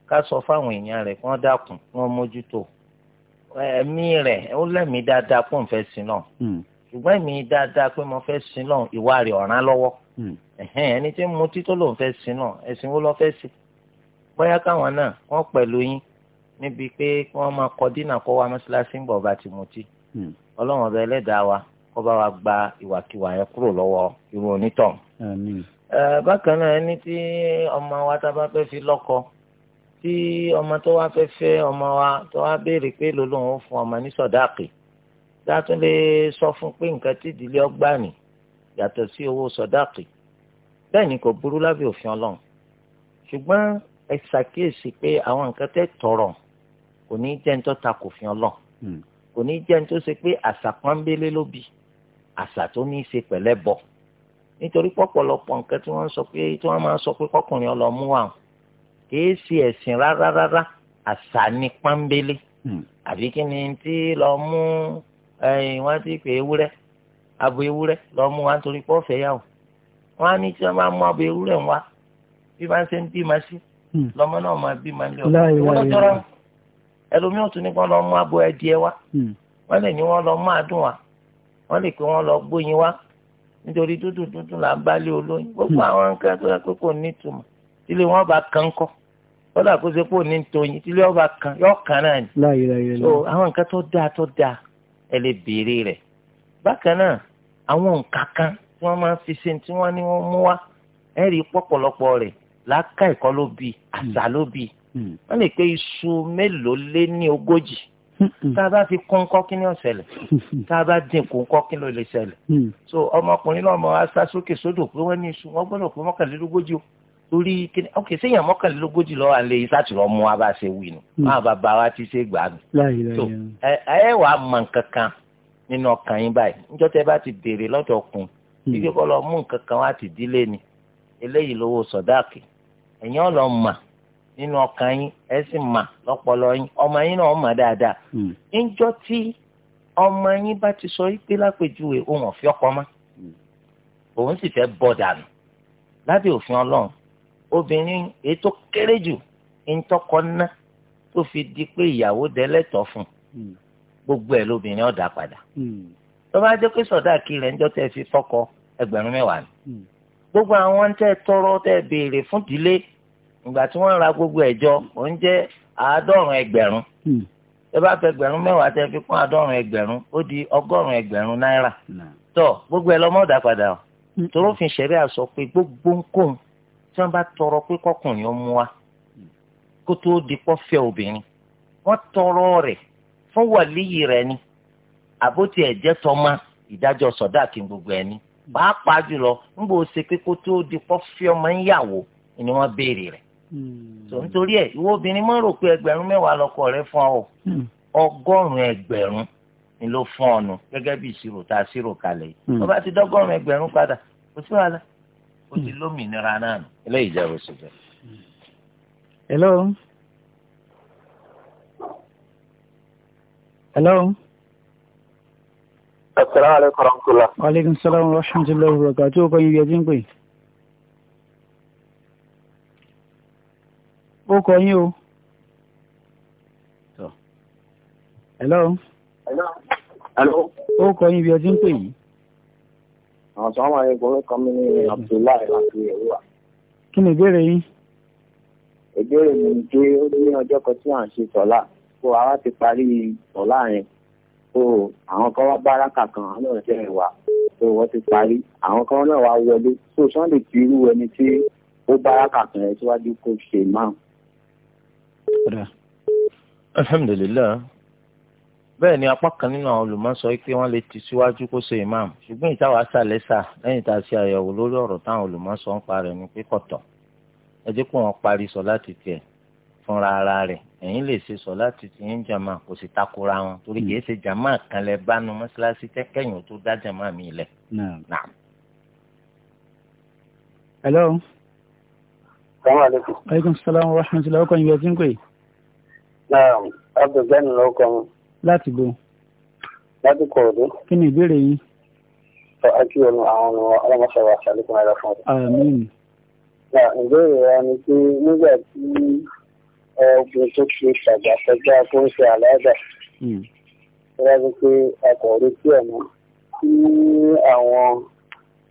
S3: ká sọ fáwọn èèyàn rẹ̀ kí wọ́n dákun kí wọ́n mójútó ẹ̀mí rẹ̀ ó lẹ́mìí dáadáa pé òun fẹ́ sin náà hmm. ṣùgbọ́n ẹ̀mí dáadáa pé mo fẹ́ sin náà ìwà rẹ̀ ọ̀ràn lọ́wọ́ hmm. ẹni tí mo títọ́ lòun fẹ́ sin náà ẹ̀sìn wo lọ fẹ́ sin bóyá káwọn náà wọ́n pẹ̀lú yín níbi pé kí wọ́n máa kọ dínà kó wa mọ́ṣáláṣí ń bọ̀ bá ti mutí hmm. ọlọ́run ọba ẹlẹ́dàá wa kó bá wa gba ìwàkiwà yẹn kúrò lọ́wọ́ irú onítọ̀. bákan náà ẹni tí ọmọ wa tá a bá fẹ́ fi lọ́kọ tí ọmọ tó wá fẹ́ fẹ́ ọmọ wa tó wá béèrè pé lòlóun ó fún ọmọ ní sọ̀dáàkì dátún lè sọ fún pé nǹkan tí ìdílé ọgbà nì yàtọ̀ sí owó sọ̀dáàkì bẹ́ẹ̀ ni kò burú lábẹ́ òfin ọlọ́run ṣùgbọ́n ẹ ṣàkíyèsí pé àwọn nǹkan tẹ́ tọrọ kò ní jẹ́ ń tó ta kò fin ọlọ́run hmm. kò ní jẹ́ ń tó ṣe pé àṣà pọ́nbélé ló bì àṣà tó ní í ṣe pẹ̀lẹ́ bọ̀ nítorí pọ̀pọ̀lọpọ̀ nǹkan tí wọ́n sọ pé tí wọ́n máa sọ pé kọkùnrin ọlọ́mú wà kìí ṣe ẹ̀sìn rárá rárá àṣà ni pọ́nbélé hmm. àbí kí ni tí lọ mú wọ́n ti pè ewúrẹ́ abo ewúrẹ́ lọ mú wa nítorí pọ́ọ̀fẹ́ yà wò wọ́n á ní tí wọ́n bá mú abo ewúrẹ́ wá bí máa ṣe ń bímọ sí hmm. lọ́mọ náà máa bímọ ní ọ̀gá ẹlòmíràn tún ní kí wọ́n lọ mú abo ẹdìẹ wá hmm. wọ́n lè ní wọ́n lọ mú àdùn wá wọ́n lè pé wọ́n lọ gbóyin wá nítorí dúdú dúdú là ń bá lé olóyin gbogbo àwọn nǹkan tó yẹ kó kò ní ìtumọ̀ tílé wọn bá kàn kọ́ kódà kó ṣe pò ní tóyin tílé wọn bá kàn yọ kàn náà ni. so àwọn nǹkan tó dáa tó dáa ẹ lè béèrè rẹ̀ bákan náà àwọn nǹkan kan tí wọ́n máa ń fi ṣe tí wọ́n ní wọ́n mú wá ẹ rí pọ̀pọ̀lọpọ̀ rẹ̀ láàká ẹ̀kọ́ ló bi àṣà ló bi hmm. wọ́n lè pé iṣu mélòó lé ní ogójì hmm. tá a bá fi kún kọ́ kí ni ó ṣẹlẹ̀ hmm. tá a bá dín kún kọ́ kí ló lè ṣẹlẹ̀ so ọmọkùnrin náà mọ aṣá sókè sódò pé wọ́n ní iṣu wọ́n gbọ́dọ̀ pé mọ́kànlélógójì o torí kíni ok sẹ́yìn mọ́kànlélógójì lọ́wọ́ àlẹ́ yìí sátìrọ mú wa bá ṣe wí ni máa hmm. bá bá wa ti ṣe gbà mí. so ẹ ẹ wà á mọ nǹkan kan nínú ọkàn yín báyìí níjọ́ tẹ́ bá ti béèrè lọ́dọ̀ kun hmm. ibi kọ́ lọ mú nǹkan kan wá ti dílé ni eléyìí lówó sọ̀dáàkì ẹ̀yin ọ̀ lọ mà nínú ọkàn yín ẹ sì mà lọ́pọlọ yín ọmọ yín náà mà dáadáa hmm. níjọ́ tí ọmọ yín bá ti sọ pé lápèjúwe òun ọ̀fẹ́ ọkọ mọ́ òun sì fẹ́ bọ̀ dànù lábẹ́ òfin ọlọ́run obìnrin èyí tó kéré jù ńtọkọ ná tó fi di pé ìyàwó dẹlẹtọ fún hmm. gbogbo ẹ̀ lóbìnrin ọdà padà hmm. tó bá jẹ́ pé sọdáàkì rẹ̀ ńjọ́ tẹ́ fi fọ́kọ ẹgbẹ̀rún mẹ́wàá ni hmm. gbogbo àwọn tẹ́ tọrọ tẹ́ béèrè fún ìdílé ìgbà tí wọ́n ra gbogbo ẹjọ òun jẹ́ àádọ́rùn ẹgbẹ̀rún tó bá fẹ́ ẹgbẹ̀rún mẹ́wàá tẹ́ fi kún àádọ́rùn ẹgbẹ̀rún ó di ọgọ́rùn ẹgbẹ̀rún náírà tó gbogbo ẹ̀ lọmọ ọdà padà o torófin ṣẹlẹ àsọ pé gbogbo ń kóhun tí bá tọrọ pé kọkùnrin ó mú wa kó obìnrin wọn tọrọ rẹ fún wàlíyì rẹ̀ ni àbótí ẹjẹ tọmọ ìdájọ sọ̀dá kí gbogbo ẹni ní pàápàá jùlọ ńgbò ṣe pé kó tó di ọmọ ń yàwó ni béèrè ni ló fún ọ nù bí ìṣirò tá a ṣírò yìí hmm. bá ti ó ti lómìnira náà nù. eléyìí jẹ́ bó
S2: hello. hello.
S4: asalaamu aleykum
S2: rahmatulah. waaleykum salaam wa rahmatulah wa barakatuh o kò yin yẹtí ń kọ yín o. hello. hello. hello. ó kọ yín bí ọtí ń pè yìí
S4: àwọn sọ mi ní Abdullahi láti Èrúwà.
S2: kí ni ìbéèrè yín.
S4: ìbéèrè mi ni pé ó ní ọjọ́ kan tí à ń ṣe sọ́lá kó àwa ti parí sọ́lá yẹn kó àwọn kan wá báràkà kan àwọn náà jẹ́ ìwà kó wọ́n ti parí àwọn kan náà wá wọlé kó Sunday ti irú ẹni tí ó báràkà kan yẹn síwájú kó ṣe máa.
S3: alhamdulilayi bẹ́ẹ̀ ni apá kan nínú àwọn olùmọ̀sọ pé wọ́n lè ti síwájú kó ṣe imam ṣùgbọ́n ìtawà sàlẹ́sà lẹ́yìn tá a ṣe àyẹ̀wò lórí ọ̀rọ̀ táwọn olùmọ̀sọ ń parẹ́ ni pé kọ̀tọ̀ ẹ jẹ́ kó wọn parí sọ láti tiẹ̀ fúnra ara rẹ̀ ẹ̀yin lè ṣe sọ láti ti yín jàmá kò sì takora wọn torí kìí ṣe jàmá kan lẹ bánu mọ́ṣáláṣí tẹ́kẹ̀yìn tó dá jàmá mi
S4: lẹ̀. hello. salaamaleykum. aleykum mi láti bo. láti kọ̀ ọ̀dọ́.
S2: kí ni ìbéèrè yín.
S4: àti ọ̀nà àwọn ọmọ alámọ̀ṣẹ́ wa ṣàlékún ara fún ọ. àmín. ìbéèrè wa ni pé nígbà tí ọkùnrin tó ṣe ṣàgbà kọjá tó ń ṣe àlàáfíà rárá hmm. pé akọ̀wé tí ọ̀nà tí àwọn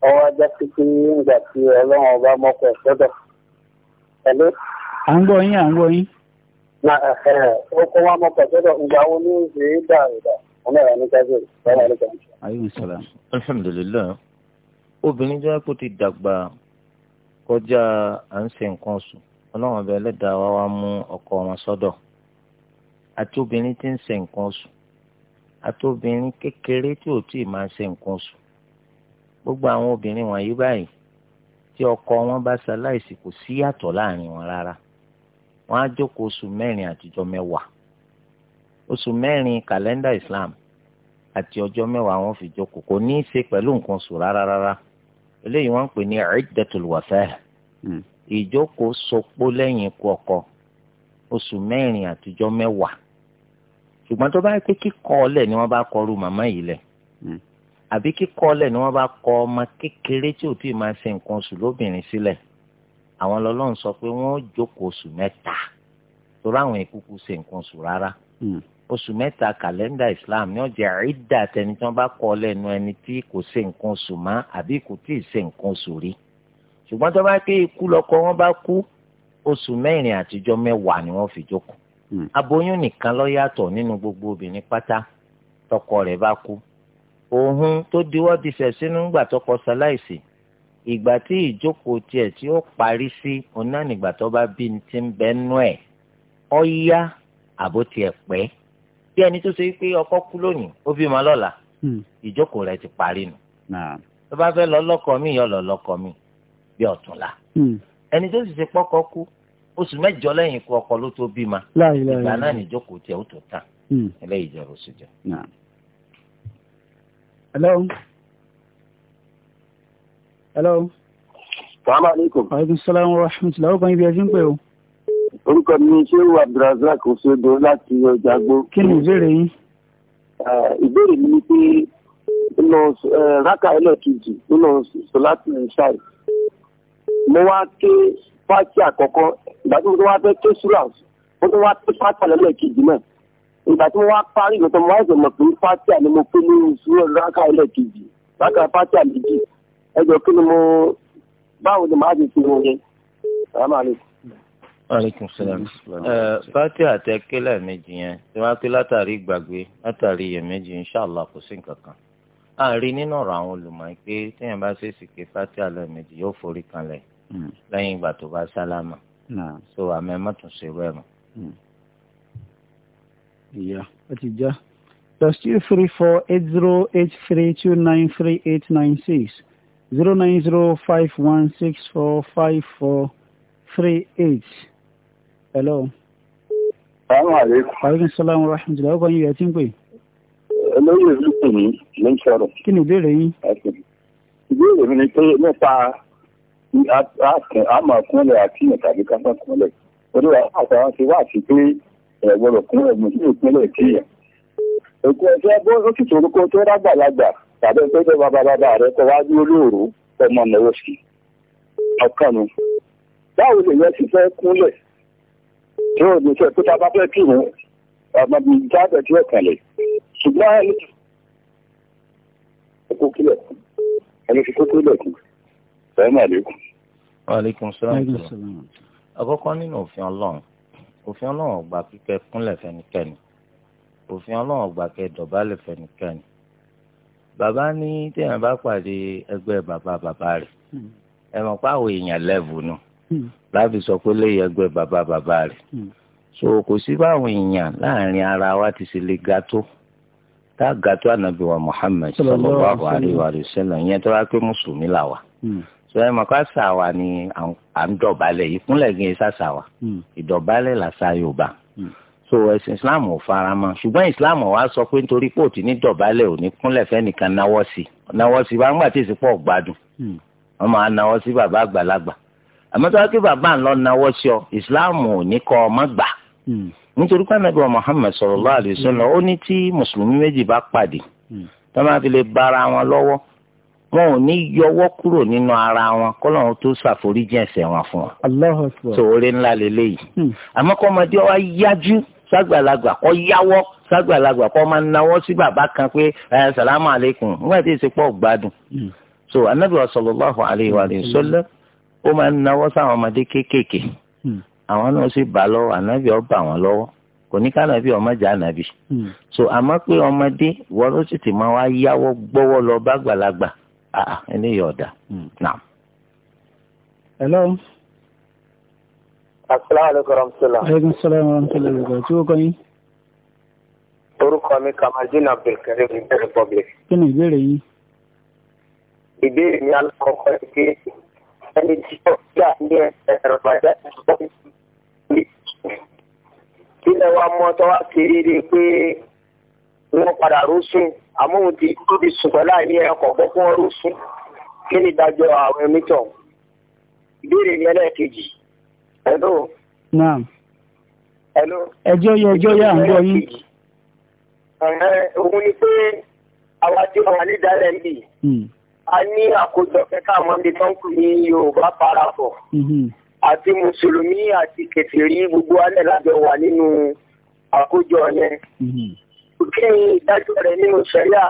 S4: ọwọ́ ajá sí pé nígbà tí ọlọ́run ọba mọ́kọ̀ sọ́dọ̀. à
S2: ń gbọ́ yín à ń gbọ́ yín
S4: na ọkọ wa mọ pàtẹ́lẹ̀ ìgbà wo ní ìṣe é dà ìdà ọmọ ẹ̀rọ ní kájọ ìṣẹ́lẹ̀ àlùkò.
S2: ayé ìṣẹ̀lẹ̀
S3: alhamdulilayi obìnrin jẹ́ kó ti dàgbà kọjá à ń ṣe nǹkan oṣù ọlọ́run ọbẹ̀ ẹlẹ́dàá wa wá mú ọkọ wọn sọ́dọ̀ àti obìnrin tí ń ṣe nǹkan oṣù àti obìnrin kékeré tí ò tíì máa ṣe nǹkan oṣù gbogbo àwọn obìnrin wọ̀nyí báyìí tí ọkọ wọn bá ṣaláìsí kò sí yàtọ̀ láàrin wọn rárá wọ́n á jókòó oṣù mẹ́rin àtijọ́ mẹ́wàá oṣù mẹ́rin kàlẹ́ndà Islam àti ọjọ́ mẹ́wàá wọ́n fi jókòó kò ní í ṣe pẹ̀lú nǹkan oṣù rárá rárá eléyìí wọ́n ń pè ní iddatul wafah hmm. ìjókòó sopó lẹ́yìn ikú ọkọ oṣù mẹ́rin àtijọ́ mẹ́wàá ṣùgbọ́n tó bá yẹ pé kíkọ ọlẹ̀ ni wọ́n bá kọrú màmá yìí lẹ̀ hmm. àbí kíkọ ọlẹ̀ ni wọ́n bá kọ ọmọ kékeré tí ò tí ì máa ṣe nǹkan oṣù lóbìnrin sílẹ̀ àwọn lọ́lọ́run sọ pé wọ́n jókòó oṣù mẹ́ta torí àwọn ìkúkú ṣe nǹkan oṣù rárá hmm. oṣù mẹ́ta kàlẹ́ndà islam ní ọjà ìdá tẹni tí wọ́n bá kọ́ lẹ́nu ẹni tí kò ṣe nǹkan oṣù mọ́ àbí kò tí ì ṣe nǹkan oṣù rí
S4: ṣùgbọ́n tó bá pé ikú lọ́kọ wọn bá
S3: kú oṣù mẹ́rin àtijọ́ mẹ́wàá ni wọ́n fi jókòó hmm. aboyún nìkan ló yàtọ̀ nínú gbogbo obìnrin pátá tọkọ rẹ̀ bá kú òun tó diwọ́ di sẹ̀sínú ńgbà tọkọ ṣaláìsí ìgbà tí ìjókòó tiẹ̀ tí ó parí sí òun náà nígbà tó bá bí ní ti ń bẹ nú ẹ̀ ọ yá àbó tiẹ̀ pẹ́ bí ẹni tó ṣe pé ọkọ kú lónìí ó bímọ lọ́la hmm. ìjókòó rẹ̀ ti parí nù tó bá fẹ́ lọ lọ́kọ mi yọ lọ lọ́kọ mi bí ọ̀túnla hmm. ẹni tó sì ṣe pọ́kọ kú oṣù mẹ́jọ lẹ́yìn ikú ọkọ ló tó bímọ
S2: ìgbà náà
S3: níjókòó tiẹ̀ ó tó tán hmm. eléyìí jẹ́ oṣù jẹ́
S2: hello. Assalamu alaikum. aleykum salaam wa rahmatulah ó kàn yín bí ẹ ti ń pè o.
S4: orúkọ mi ni ṣéwù abdulrasaq ọ̀ṣọ́dọ̀ láti ọjà gbó. kí ni ìbéèrè yín. ìbéèrè mi ni pé nínú rákà ẹlẹ́ẹ̀kejì nínú sọláàtì ṣáì mo wá ké fáàkì àkọ́kọ́ ìgbà tí mo tún wá fẹ́ ké súrà mo tún wá ké fáàkì ẹlẹ́ẹ̀kejì náà ìgbà tí mo wá parí ìgbà tí mo wá ìgbà mọ̀ pé fáàkì àni mo pé ní ìṣúná rákà ẹlẹ́ẹ̀kejì rákà fáàkì àlejò ẹjọ́ kí ni mo báwo ni màá di fi wọn yẹn
S3: aleykum salaam fati àtẹkẹ lẹ́ẹ̀mejì yẹn tí wọn pe látàrí ìgbàgbé látàrí iyèméjì inshàlá kò sí nǹkan kan àárín nínú ọ̀rọ̀ àwọn olùmọ̀ pé téèyàn bá ṣe sì ké fati àlẹẹmejì yóò forí kanlẹ̀ hmm. lẹ́yìn ìgbà tó bá sálámà so àmì ẹ má tún ṣe rẹ mọ́. Hmm.
S2: ìyá ó ti já plus two three four eight zero eight three two nine three eight nine six zero nine zero five one six four five four three eight. hello. salaamaleykum. aleykum salaam wa rahmatulah ọkọ yín yẹ ti ń pè. olóyè mi pè mí ló ń sọ̀rọ̀. kí ni ìbéèrè yín.
S4: ìbéèrè mi ni pé nípa àmọ̀ kúnlẹ̀ àti ìtàgé kápẹ́ kúnlẹ̀ orí àwọn ti wá sí pé ẹ̀gbọ́n kúnlẹ̀ mi sí ìpínlẹ̀ kíyà. èkó ẹgbẹ́ bó ló sì torúkọ tó rágbàlagbà tàbí pé tó bàbá bàbá rẹ kọ wá dúró lóòrò ọmọ náwó sí ọkàn mi báwo lèyẹ ti fẹ́ kúnlẹ̀ tí ò ní sọ pé tá a bá fẹ́ kírun ọmọ bíi jáde tí ó kànlẹ̀ ṣùgbọ́n ẹni kó kílẹ̀ ẹni fi kó kílẹ̀ kù sẹ́yìn àlékún.
S3: wàhálẹ́kùn sọ́run àkọ́kọ́ nínú òfin ọlọ́run òfin ọlọ́run ò gbà kíkẹ́ kúnlẹ̀ fẹ́nikẹ́ni òfin ọlọ́run ò gbà kẹ́ dọ̀bálẹ̀ fẹ́nikẹ́ni bàbá ní téèyàn bá pàdé ẹgbẹ́ bàbá bàbá rẹ̀ hmm. ẹ mọ̀ pé àwọn èèyàn lẹ́bù nù hmm. láti sọ pé lè ẹgbẹ́ bàbá bàbá rẹ̀ hmm. so kò sí báwọn èèyàn láàrin ara wa ti ṣe lè ga tó tá ga tó ànábì wa Muhammad sallallahu alaihi wa sallam ìyẹn tó wá pé mùsùlùmí là wà so ẹ mọ̀ ká sàwà ni à ń dọ̀bálẹ̀ ìkúnlẹ̀ gẹ̀ sàṣàwà ìdọ̀bálẹ̀ làṣà Yorùbá so ẹ̀sìn islam ò fara mọ́ ṣùgbọ́n islam wa sọ pé nítorí pé òtí ní dọ̀bálẹ̀ ò ní kúnlẹ̀ fẹ́nìkan náwọ́ sí náwọ́ sí bá ń gbà tí èsì pọ̀ gbádùn hmm. wọ́n máa náwọ́ sí bàbá àgbàlagbà àmọ́ tó wá pé bàbá ń lọ náwọ́ sí ọ islam ò ní kọ́ ọ gbà hmm. nítorí pé anabi muhammed sallallahu alaihi wasallam ó ní tí mùsùlùmí méjì bá pàdé hmm. tó máa fi lè bára wọn lọ́wọ́ wọn ò ní yọwọ́ kúrò nínú ara wọn kọ́lọ́run tó ṣàforíjì ẹ̀ṣẹ̀ wọn fún wọn. sòwòrè ńlá lélẹ́yìí àmọ́ kọ́mọdé wa yájú sàgbàlagbà kọ́ yáwọ́ sàgbàlagbà kọ́ máa náwọ́ sí bàbá kan pé ẹ sàlámù alaykum nígbà tí èsì pọ̀ gbádùn. Hmm. so anabi wa sallallahu alayhi wa sallam ó máa ń náwọ́ sáwọn ọmọdé kéékèèké hmm. àwọn náà sì bá lọ́wọ́ anabi ó bá wọn lọ́wọ́ kò ní kánàbí ọmọ jà ànàbí. Hmm. so àmọ́ pé ọmọdé wọ́n ló sì ti máa wá yáwọ́ gbọ́wọ́ lọ bá gbàlagbà ẹni yọ̀ọ̀dà.
S2: hello
S4: asalaamualeykum rahmatulah.
S2: aleykum salaam wa rahmatulah ibrahim tí o kọ yín.
S4: orúkọ mi kamaldeen abdulkareem ní republic.
S2: kí ni ìbéèrè yìí.
S4: ìbéèrè mi alákọ̀ọ́kọ́ ni pé ẹni tí ó yà ní ẹ̀rọ bàjẹ́ ìṣòro ní ilẹ̀ wa mọ́ tó wá sí rí pé wọ́n padà rúṣùn àmóhun ti tóbi ṣùgbọ́n láìní ẹ̀kọ́ gbọ́kún rúṣùn kí ni ìdájọ́ àwọn ẹ̀mí tọ̀. ìbéèrè mi ẹlẹ́ẹ̀kejì. Hello. Naam. Hello.
S2: Ẹjọ́ yẹ ẹjọ́ yẹ à ń gbọ́ yín.
S4: Òun ni pé àwa tí wà ní Dàrẹ́mbì. Hmm. A ní àkójọ kẹ́kẹ́ àwọn ọmọdé tó ń pè ní Yorùbá parapọ̀. Hmm. Àti Mùsùlùmí àti Kẹ̀sìrí gbogbo alẹ́ lájọ wà nínú àkójọ yẹn. Hmm. Kí ni ìdájọ́ rẹ̀ nínú ṣẹ̀yà?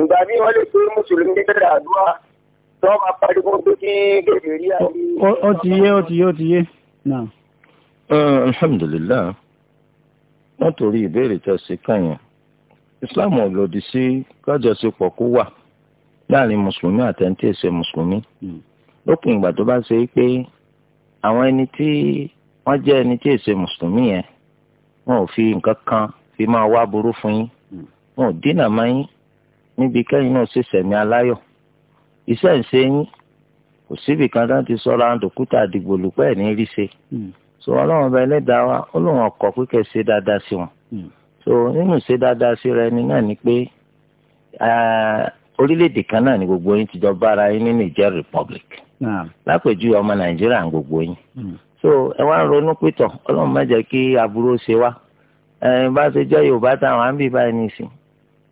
S4: Ìgbà bí wọ́n lè pé Mùsùlùmí bẹ̀rẹ̀ àdúrà. Lọ́wọ́ bá pariwo pé kí Kẹ̀sìrí àti.
S2: Ó ti yé ó ti yé ó ti yé.
S3: Eh, alhamdulilayi wọ́n torí ìbéèrè tẹ̀sí kàyàn islam ọ̀lòdì sí kájọṣepọ̀ kó wà láàrin mùsùlùmí àtẹ̀ǹtì ẹ̀sẹ̀ mùsùlùmí hmm. lópin ìgbà tó bá ṣe é pé àwọn ẹni tí wọ́n jẹ́ ẹni tí ẹ̀sẹ̀ mùsùlùmí yẹn wọn ò fi nǹkan kan fi máa wá burú fún yín hmm. wọn ò dínà máa yín níbi kẹ́yìn náà ṣe sẹ̀mí aláyọ̀ iṣẹ́ yín kò síbi kan tó ti sọ̀rọ̀ àwọn dòkúta àdìgbò lùpẹ́ ní rí
S5: hmm. so ọlọ́run
S3: ọba ẹlẹ́dàá wa ó lóun ọkọ̀ pípẹ́ ṣe dáadáa sí wọn hmm. so nínú ṣe dáadáa sí rẹ ni náà ni pé orílẹ̀-èdè kan náà ni gbogbo yín ti jọ bára yín ní Niger Republic lápèjúwe ọmọ Nàìjíríà ń gbogbo yín hmm. so ẹ wá ń ronú pìtọ̀ ọlọ́run má jẹ́ kí aburú ṣe wá ẹ bá ṣe jẹ́ Yorùbá táwọn á ń bì báyìí nìsín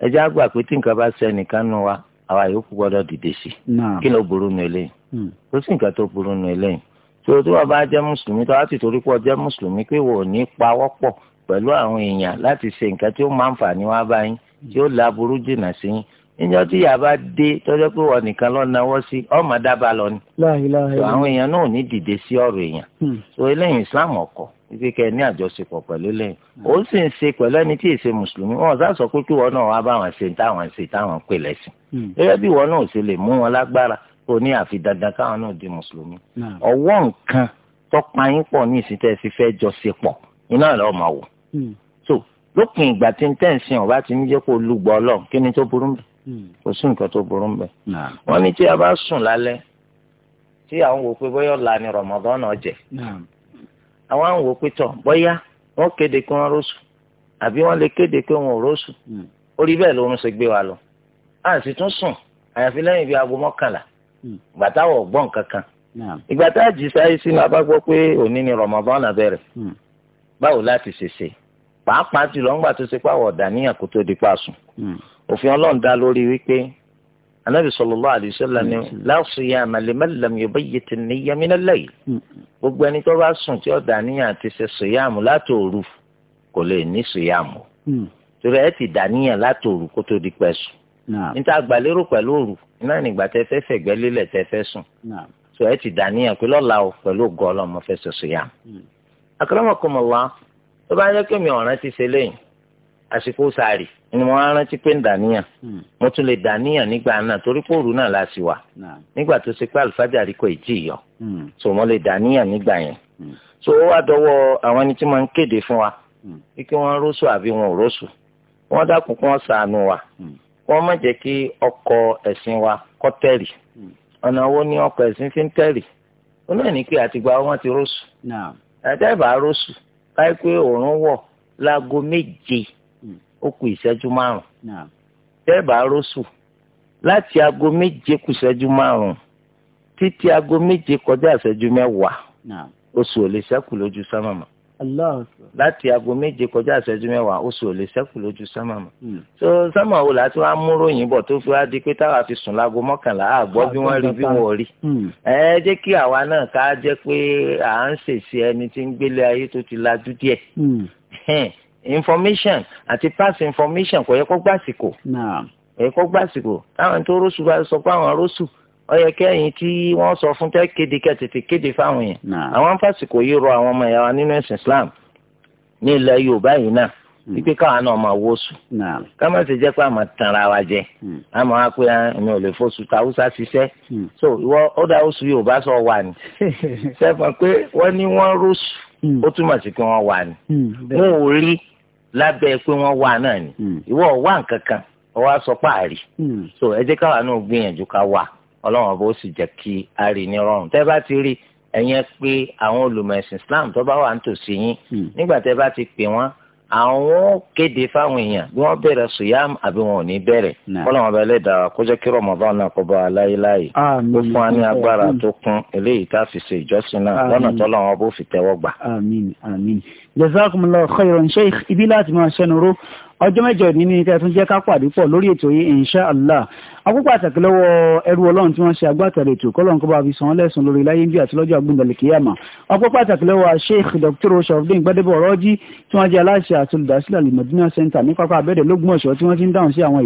S3: ẹ jẹ́ àgbà pé tí nǹkan bá ṣe ẹnìkan nù wa àwa yòókù gbọ́dọ̀ dìde sí i kí ló burú nu eléyìí tó hmm. sì nǹkan tó burú nu eléyìí tó tó wà bá jẹ́ mùsùlùmí tó wá sì torí pọ̀ jẹ́ mùsùlùmí pé wò ní pawọ́pọ̀ pẹ̀lú àwọn èèyàn láti ṣe nǹkan tí ó máa ń fà ní wá báyìí tí ó laburú jìnnà sí yín níjọ́ tí yàrá dé tọ́jọ́ pé wọ́n nìkan lọ náwó sí ọmọ dábàá lọ ni.
S2: tó àwọn
S3: èèyàn náà ò ní dìde sí ọ̀rọ̀ èèyàn. tó hmm. eléyìí islam ọkọ̀ ibi kẹ́ ní àjọṣepọ̀ pẹ̀lú lẹ́yìn. Hmm. ó sì ń ṣe pẹ̀lú ẹni tí èsè mùsùlùmí wọn sá sọ pé kí wọn náà wá bá wọn ṣe táwọn ṣe táwọn pè lẹ́sìn. Hmm. gẹ́gẹ́ bí wọn náà ṣe lè mú wọn lágbára kó ní àfi dandan káwọn náà di mùsùlùmí. ọwọ́ nǹkan tọ́payín pọ̀ ní ìsìtẹ́ fífẹ́ jọ ṣe pọ̀ iná ìlọ́ máa wò. so lópin ìgbà tí ń tẹ̀sìn ọ̀bá ti ń jẹ́ kó lùgbọ́ ọlọ́run kí ni tó burú bẹ́ẹ̀ Hmm. kò sí nǹkan tó burú mbẹ. wọ́n ní tí a bá sùn lálẹ́ tí àwọn wò pé bóyá ọ̀la ni Ramadan náà jẹ àwọn àwọn wò pé tọ̀ bóyá kéde kí wọ́n rọ́ṣù àbí wọ́n lè kéde kí wọ́n rọ́ṣù hmm. orí bẹ́ẹ̀ lóorun ṣe gbé wa lọ a sì tún sùn àyàfi lẹ́yìn aago ìgbà ọ̀gbọ́n kankan ìgbà tá a abá pé òní ni sùn hmm. òfin ọlọ́run dá lórí wípé anabi sallallahu alaihi wasallam ni mm. la siyama liman lam yubayyit an-niyya min al-layl mm. gbogbo ẹni tó bá sùn tí ó dá níyàn àti ṣe sùyàmù látòru kò lè ní sùyàmù mm. torí ẹ ti dá níyàn látòru kó tó di pẹ́ sùn níta àgbàlérò pẹ̀lú òru náà nígbà tẹ fẹ́ fẹ̀gbẹ́ lélẹ̀ tẹ fẹ́ sùn tó ẹ ti dá níyàn pé lọ́la o pẹ̀lú ògọ́ ọlọ́mọ fẹ́ ṣe sùyàmù àsìkò sààrì ni mo rántí pé ń dàníyàn hmm. mo tún lè dàníyàn nígbà náà torí pòrú náà la sì wà nígbà tó ṣe pé àlùfáàjàrí kò tí ì yọ hmm. so mo lè dàníyàn nígbà yẹn hmm. so ó wá dọwọ́ àwọn ẹni tí wọ́n ń kéde fún wa kí wọ́n róṣù àbí wọn ò róṣù wọ́n dákun kí wọ́n ṣàánú wa wọ́n má jẹ́ kí ọkọ̀ ẹ̀sìn wa kọ́ tẹ̀rì ọ̀nà wo ni ọkọ̀ ẹ̀sìn fi ń tẹ̀rì ó náà ní pé àtìgbà wọn ti róṣù àtẹ́bà róṣù láì pé òórùn wọ̀ láago méje ó kù ìṣẹ́jú
S2: márùn-ún
S3: tẹ́ẹ̀bà rọ́ṣù láti aago méje kù ìṣẹ́jú márùn-ún títí aago méje kọjá ìṣẹ́jú mẹ́wàá oṣù ò lè ṣẹ́kù lójú sámàmà láti aago méje kọjá ìṣẹ́jú mẹ́wàá oṣù ò lè ṣẹ́kù lójú sámàmà hmm. so sámà wo láti wá mú ròyìn bọ̀ tó fi wá di pé táwa fi sùn láago mọ́kànlá àgbọ́ bí wọ́n rí bí wọ́n rí hmm. ẹ jẹ́ kí àwa náà ká jẹ́ pé à ń ṣèṣe ẹni tí ń gbélé ayé tó ti lajú díẹ̀ hmm information àti pass information kò yẹ kó gbàsìkò kò yẹ kó gbàsìkò táwọn tó rọ́ṣù bá sọ pé àwọn rọ́ṣù ó yẹ kẹ́yìn tí wọ́n sọ fún tẹ́ kéde kẹ́ tètè kéde fáwọn yẹn àwọn fásìkò yìí rọ àwọn ọmọ ìyá wa nínú ẹ̀sìn Islam ní ilẹ̀ Yorùbá yìí náà hmm. wípé káwọn náà máa wọ́sù ká má ti jẹ́ pé àmọ́ tanra wa jẹ àmọ́ hmm. wa pé ẹ̀mí ah, ò lè fọ́sù ta Haúsá ṣiṣẹ́ hmm. so ìwọ ó dá oṣù Yorùbá sọ wà ní sẹ́fọ̀n pé wọ́n ní wọ́n rọ́ṣù ó túmọ̀ sí pé wọ́n wà
S5: ní
S3: wọn ò rí lábẹ́ pé wọ́n wà náà ni hmm. ìwọ wà nǹkan kan ọwọ́ aṣọ páàrí so ẹ jẹ́ káwa náà gbìyànjú ká wà ọlọ́run ọba ó sì jẹ́ kí a rí ní rọrùn tẹ́ bá ti rí ẹ̀yẹn pé àwọn olùmọ̀ ẹ̀sìn Islam tó bá wà nítòsí yín hmm. nígbà tẹ́ bá ti pè wọ́n àwọn kéde fáwọn èèyàn bí wọn bẹ̀rẹ̀ sùyàm àbí wọn ò ní bẹ̀rẹ̀ kọlọmọ bẹ lẹdàá kọjá kí rọmọbọn náà kọ bá aláìláì
S2: ó fún wa ní agbára tó kún eléyìí tá a fi ṣe ìjọsìn náà lọ́nà tó lọ́wọ́ bó fi tẹ́wọ́ gbà. àmín àmín jazakumullahu khairan sheikh ibi láti máa ṣẹnu ró ọjọ́ mẹ́jọ ní ní tẹ́tún jẹ́ ká pàdé pọ̀ lórí ètò yìí insha Allah akópa àtàkì lọ́wọ́ ẹrú ọlọ́run tí wọ́n ṣe agbátẹ̀rẹ̀ ètò kọ́lọ́n kó bá fi sàn án lẹ́sùn lórí láyé bí àti lọ́jọ́ àgbọ̀ndàlẹ̀ kíyàmà akópa àtàkì lọ́wọ́ sheikh dr osofdin gbadebo ọ̀rọ́jì tí wọ́n jẹ́ aláṣẹ àti olùdásílẹ̀ alimọ̀dúnà center ní pápá abẹ́rẹ́ lógúnmọ̀ṣọ́ tí wọ́n ti ń dáhùn sí àwọn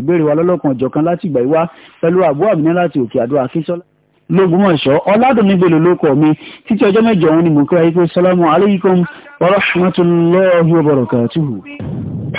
S2: ìbéèrè wa